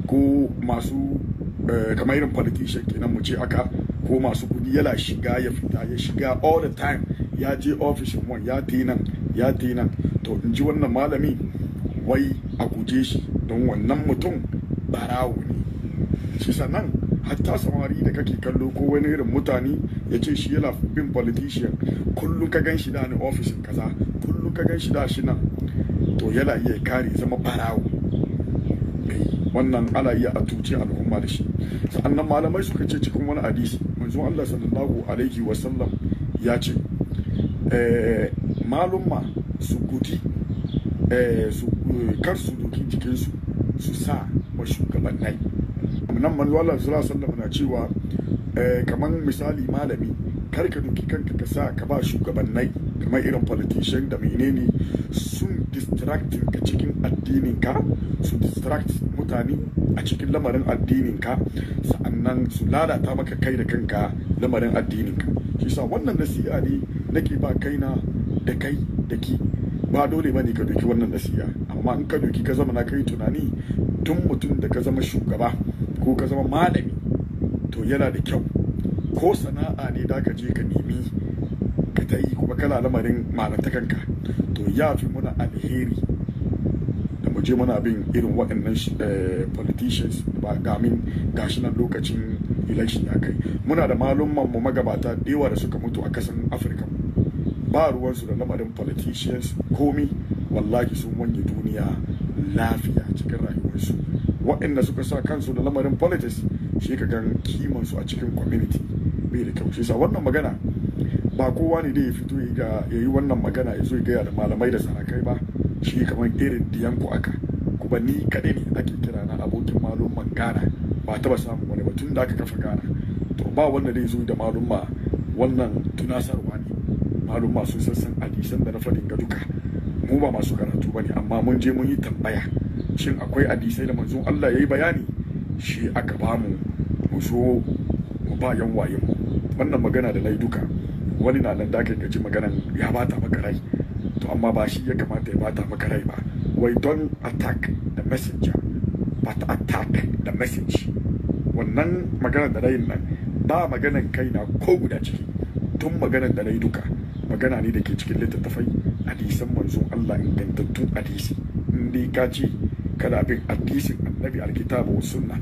ko masu eh, kamar irin politician kenan mu ce aka ko masu kudi yana shiga ya fita ya shiga all the time ya je ofishin wani ya te ya te to in ji wannan malami wai a guje shi don wannan mutum barawo ne shi sannan hatta samari da kake kallo ko wani irin mutane ya ce shi yana bin politician kullum ka gan shi da ni ofishin kaza in ka ganshi da shi nan to yana iya kare zama farawo wannan ana iya a al'umma da shi sa'annan malamai suka ce cikin wani hadisi manzo Allah sallallahu alaihi wa sallam ya ce eh, malumma su eh, su eh, kar su doki jikinsu su sa wa nai nan manzo Allah sallallahu alaihi na cewa kaman misali malami kar ka doki kanka ka sa ka ba nai kamar irin politician da menene sun distract ka cikin addinin ka su distract mutane a cikin lamarin addinin ka sa'annan su lalata maka kai da kanka lamarin addinin ka shi sa wannan nasiha ne nake ba kaina da kai da ki ba dole bane ka doki wannan nasiha amma in ka doki ka zama na kai tunani tun mutum da ka zama shugaba ko ka zama malami to yana da kyau ko sana'a ne da ka je ka nemi ka ta yi kuma kana lamarin malantakanka to ya fi muna alheri da mu je muna bin irin waɗannan eh, politicians ba gamin gashi nan lokacin election ya kai muna da malumman mu magabata da da suka mutu a kasan afirka ba ruwansu da lamarin politicians komi wallahi sun wanye duniya lafiya cikin rayuwarsu waɗanda suka sa kansu da lamarin politics shi ka gan kimansu a cikin community bai da kyau shi sa wannan magana ba kowa ne da ya fito ya yi wannan magana ya zo ya gaya da malamai da sarakai ba shi kamar irin diyan ku aka kuma ni kaɗai ne ake kira na abokin malumman gana ba taba samun wani ba tun da aka kafa gana to ba wanda zai zo da malumma wannan tunasarwa ne malumma sun san hadisan da na faɗin ga duka mu ba masu karatu ba ne amma mun je mun yi tambaya shin akwai hadisai da manzon Allah ya yi bayani shi aka ba mu zo mu ba yan wayen wannan magana da na duka wani na nan da ka ji maganan ya bata maka rai to amma ba shi ya kamata ya bata maka rai ba wai don attack the messenger but attack the message wannan maganar da rai nan ba maganan kai na ko guda ciki tun maganar da rai duka magana ne da ke cikin littattafai hadisan manzon Allah ingantattun hadisi in dai ka ce kada bin hadisin annabi alkitabu sunna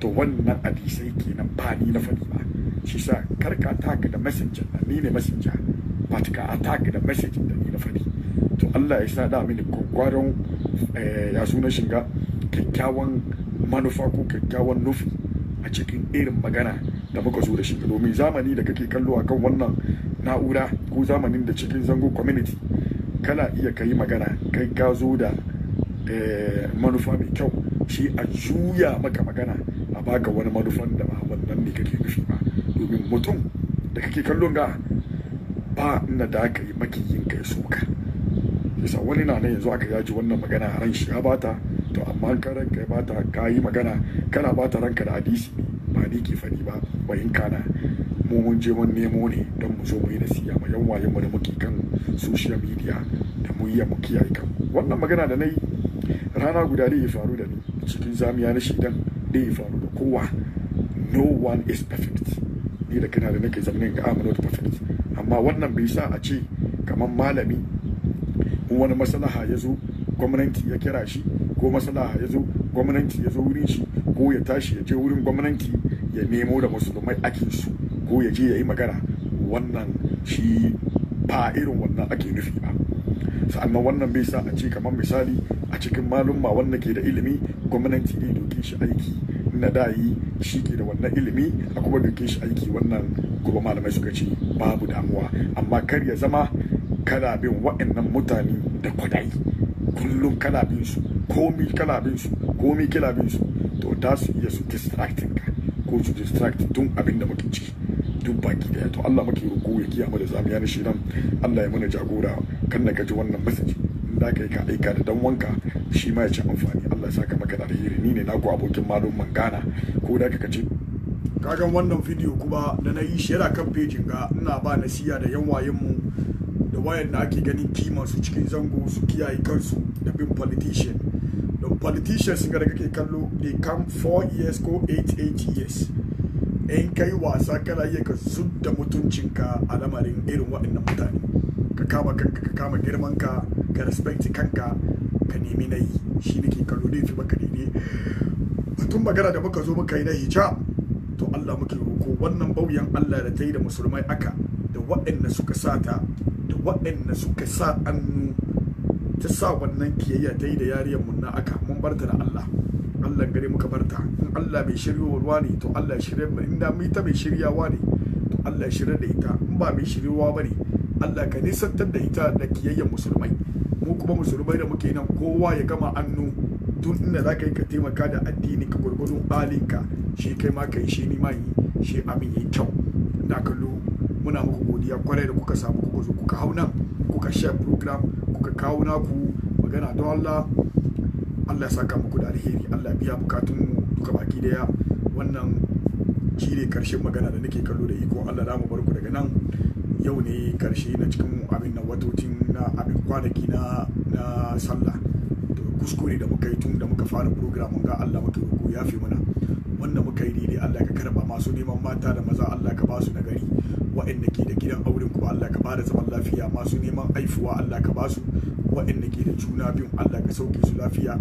to wannan hadisai kenan ba ni na faɗi ba shi sa karka attack da messenger da ni ne messenger but ka attack da message da ni na fadi to Allah ya sa da mini kwakwaron eh, ya suna shiga kyakkyawan manufa ko kyakkyawan nufi a cikin irin magana da muka zo da shi domin zamani da kake kallo a kan wannan na'ura ko zamanin da cikin zango community kana iya kai magana kai ka zo da eh, manufa mai kyau shi a juya maka magana a baka wani manufan da ba wannan ne kake nufi ba domin mutum da kake kallon ga ba inda da aka yi makiyin kai suka yasa wani na nan yanzu aka yaji wannan magana a ran shi ya bata to amma ka ranka ya bata ka yi magana kana bata ranka da hadisi ba ni ke fani ba bayin kana mu mun je mun nemo ne don mu zo mu yi nasiya ma yan wayen mu da muke kan social media da mu yi mu kiyaye kan wannan magana da na yi rana guda da ya faru da ni cikin zamiya na shidan da ya faru da kowa no one is perfect ni da kana da nake zamanin ga amana da Perfect amma wannan bai sa a ce kamar malami in wani maslaha ya zo gwamnati ya kira shi ko maslaha ya zo gwamnati ya zo wurin shi ko ya tashi ya je wurin gwamnati ya nemo da musulmai akin su ko ya je ya magana wannan shi ba irin wannan ake nufi ba sa'annan wannan bai sa a ce kamar misali a cikin malumma wanda ke da ilimi gwamnati ne doke shi aiki na dayi shi ke da wannan ilimi a kuma doke shi aiki wannan gobe malamai suka ce babu damuwa amma kar ya zama kana bin wa'annan mutane da kwadayi kullum kana bin su komi kana komi kana to ta su iya su distracting ka ko su distract tun abin da muke ciki duk baki daya to Allah muke roko ya kiyama da zamiya na shi nan Allah ya mana jagora kan na gaji wannan masaji yi ya aika da dan wanka shi ma ya ci amfani Allah ya saka maka da alheri ni ne naku abokin malum mangana ko da ka kace kagan wannan video kuma da na yi shi yana kan pejin ga ina ba nasiya da yan wayen mu da wayan da ake ganin kima su cikin zango su kiyaye kansu da bin politician don politicians ga da kake kallo they come 4 years ko 8 8 years in kai wasa kana iya ka zudda mutuncinka a lamarin irin waɗannan mutane ka kama kanka ka kama girman ka ka respect kanka ka nemi na yi shi nake kallo ne fi maka daidai batun magana da muka zo muka yi na hijab to Allah muke roko wannan bauyan Allah da ta yi da musulmai aka da waɗanda suka sa ta da waɗanda suka sa an ta sa wannan kiyayya ta yi da yariyar mun na aka mun barta da Allah Allah gare muka barta in Allah bai wa ne to Allah shirye mu inda mu ta bai shiryawa ne to Allah shirye da ita in ba mai shiryowa bane Allah ka nisantar da ita da kiyayyar musulmai kuma musulmai da muke nan kowa ya gama annu tun inda za ka yi ka taimaka da addini ka gwargwadon alinka shi kai ma ka shi ni ma yi shi amin yi kyau na kallo muna muku godiya kwarai da kuka samu kuka zo kuka hau nan kuka share program kuka kawo naku magana don Allah Allah ya saka muku da alheri Allah ya biya bukatun mu duka baki daya wannan shi ne karshen magana da nake kallo da iko Allah ya mu bar ku daga nan yau ne karshe na cikin abin nan watotin na kwanaki na na sallah kuskure da muka yi tun da muka fara program ga Allah muka roko ya fi muna wanda muka yi daidai Allah ka karba masu neman mata da maza Allah ka basu nagari wa'inda ke da gidan auren kuma Allah ka bada zaman lafiya masu neman aifuwa Allah ka basu wa'inda ke da juna biyu Allah ka sauke su lafiya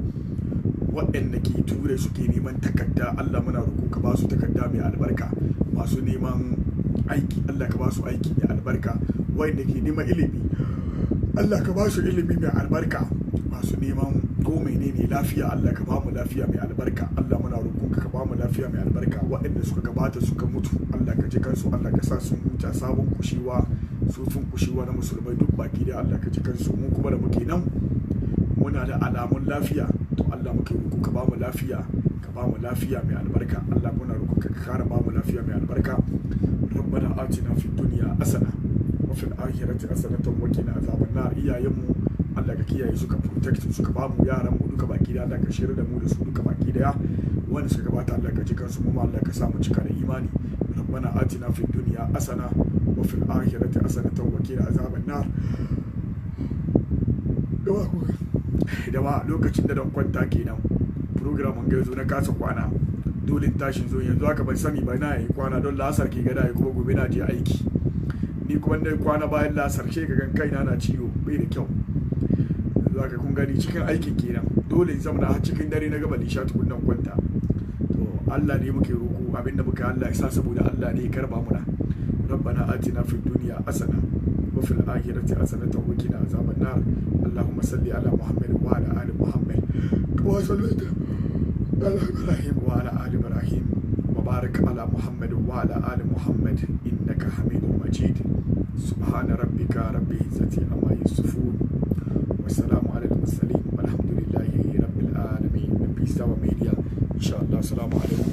wa'inda ke turai suke neman takarda Allah muna roko ka basu takarda mai albarka masu neman aiki Allah ka basu aiki mai albarka wa'inda ke neman ilimi Allah ka ba su ilimi mai albarka masu neman ko menene lafiya Allah ka ba mu lafiya mai albarka Allah muna roƙonka ka ba mu lafiya mai albarka waɗanda suka gabata suka mutu Allah ka ji kansu Allah ka sa sun huta sabon kushewa sufin kushewa na musulmai duk baki da Allah ka ji kansu mu kuma da muke nan muna da alamun lafiya to Allah muke roƙo ka ba mu lafiya ka ba mu lafiya mai albarka Allah muna roƙonka ka kara ba mu lafiya mai albarka ربنا آتنا في الدنيا حسنه wa fil a hasanatan wa na azabar na iyayenmu Allah ka kiyaye suka protect su ka ba yaran mu duka baki da Allah ka shirya da mu da su duka baki daya wani suka gabata Allah ka cika su kuma Allah ka sa mu cika da imani rabbana atina ربنا آتنا في الدنيا حسنة وفي الآخرة حسنة azaban nar da ba lokacin da don kwanta kenan program ga zo na kasa kwana dole tashin zo yanzu aka ban sani ba na yi kwana don lasar ke gada ya kuma gobe na je aiki ni kuma ne kwana bayan lasar she ka gan kaina na ciwo bai da kyau za ka kun gani cikin aikin kenan dole zama na cikin dare na gaba lisha tukun kwanta to Allah ne muke roko abinda muka Allah ya sa saboda Allah ne ya karba muna ربنا آتنا في الدنيا حسنة وفي الآخرة حسنة وقنا عذاب النار اللهم صل على محمد وعلى آل محمد كما صليت على إبراهيم وعلى آل إبراهيم وبارك على محمد وعلى آل محمد إنك حميد مجيد سبحان ربك رب العزة عما يصفون والسلام على المرسلين والحمد لله رب العالمين من بيسا إن شاء الله السلام عليكم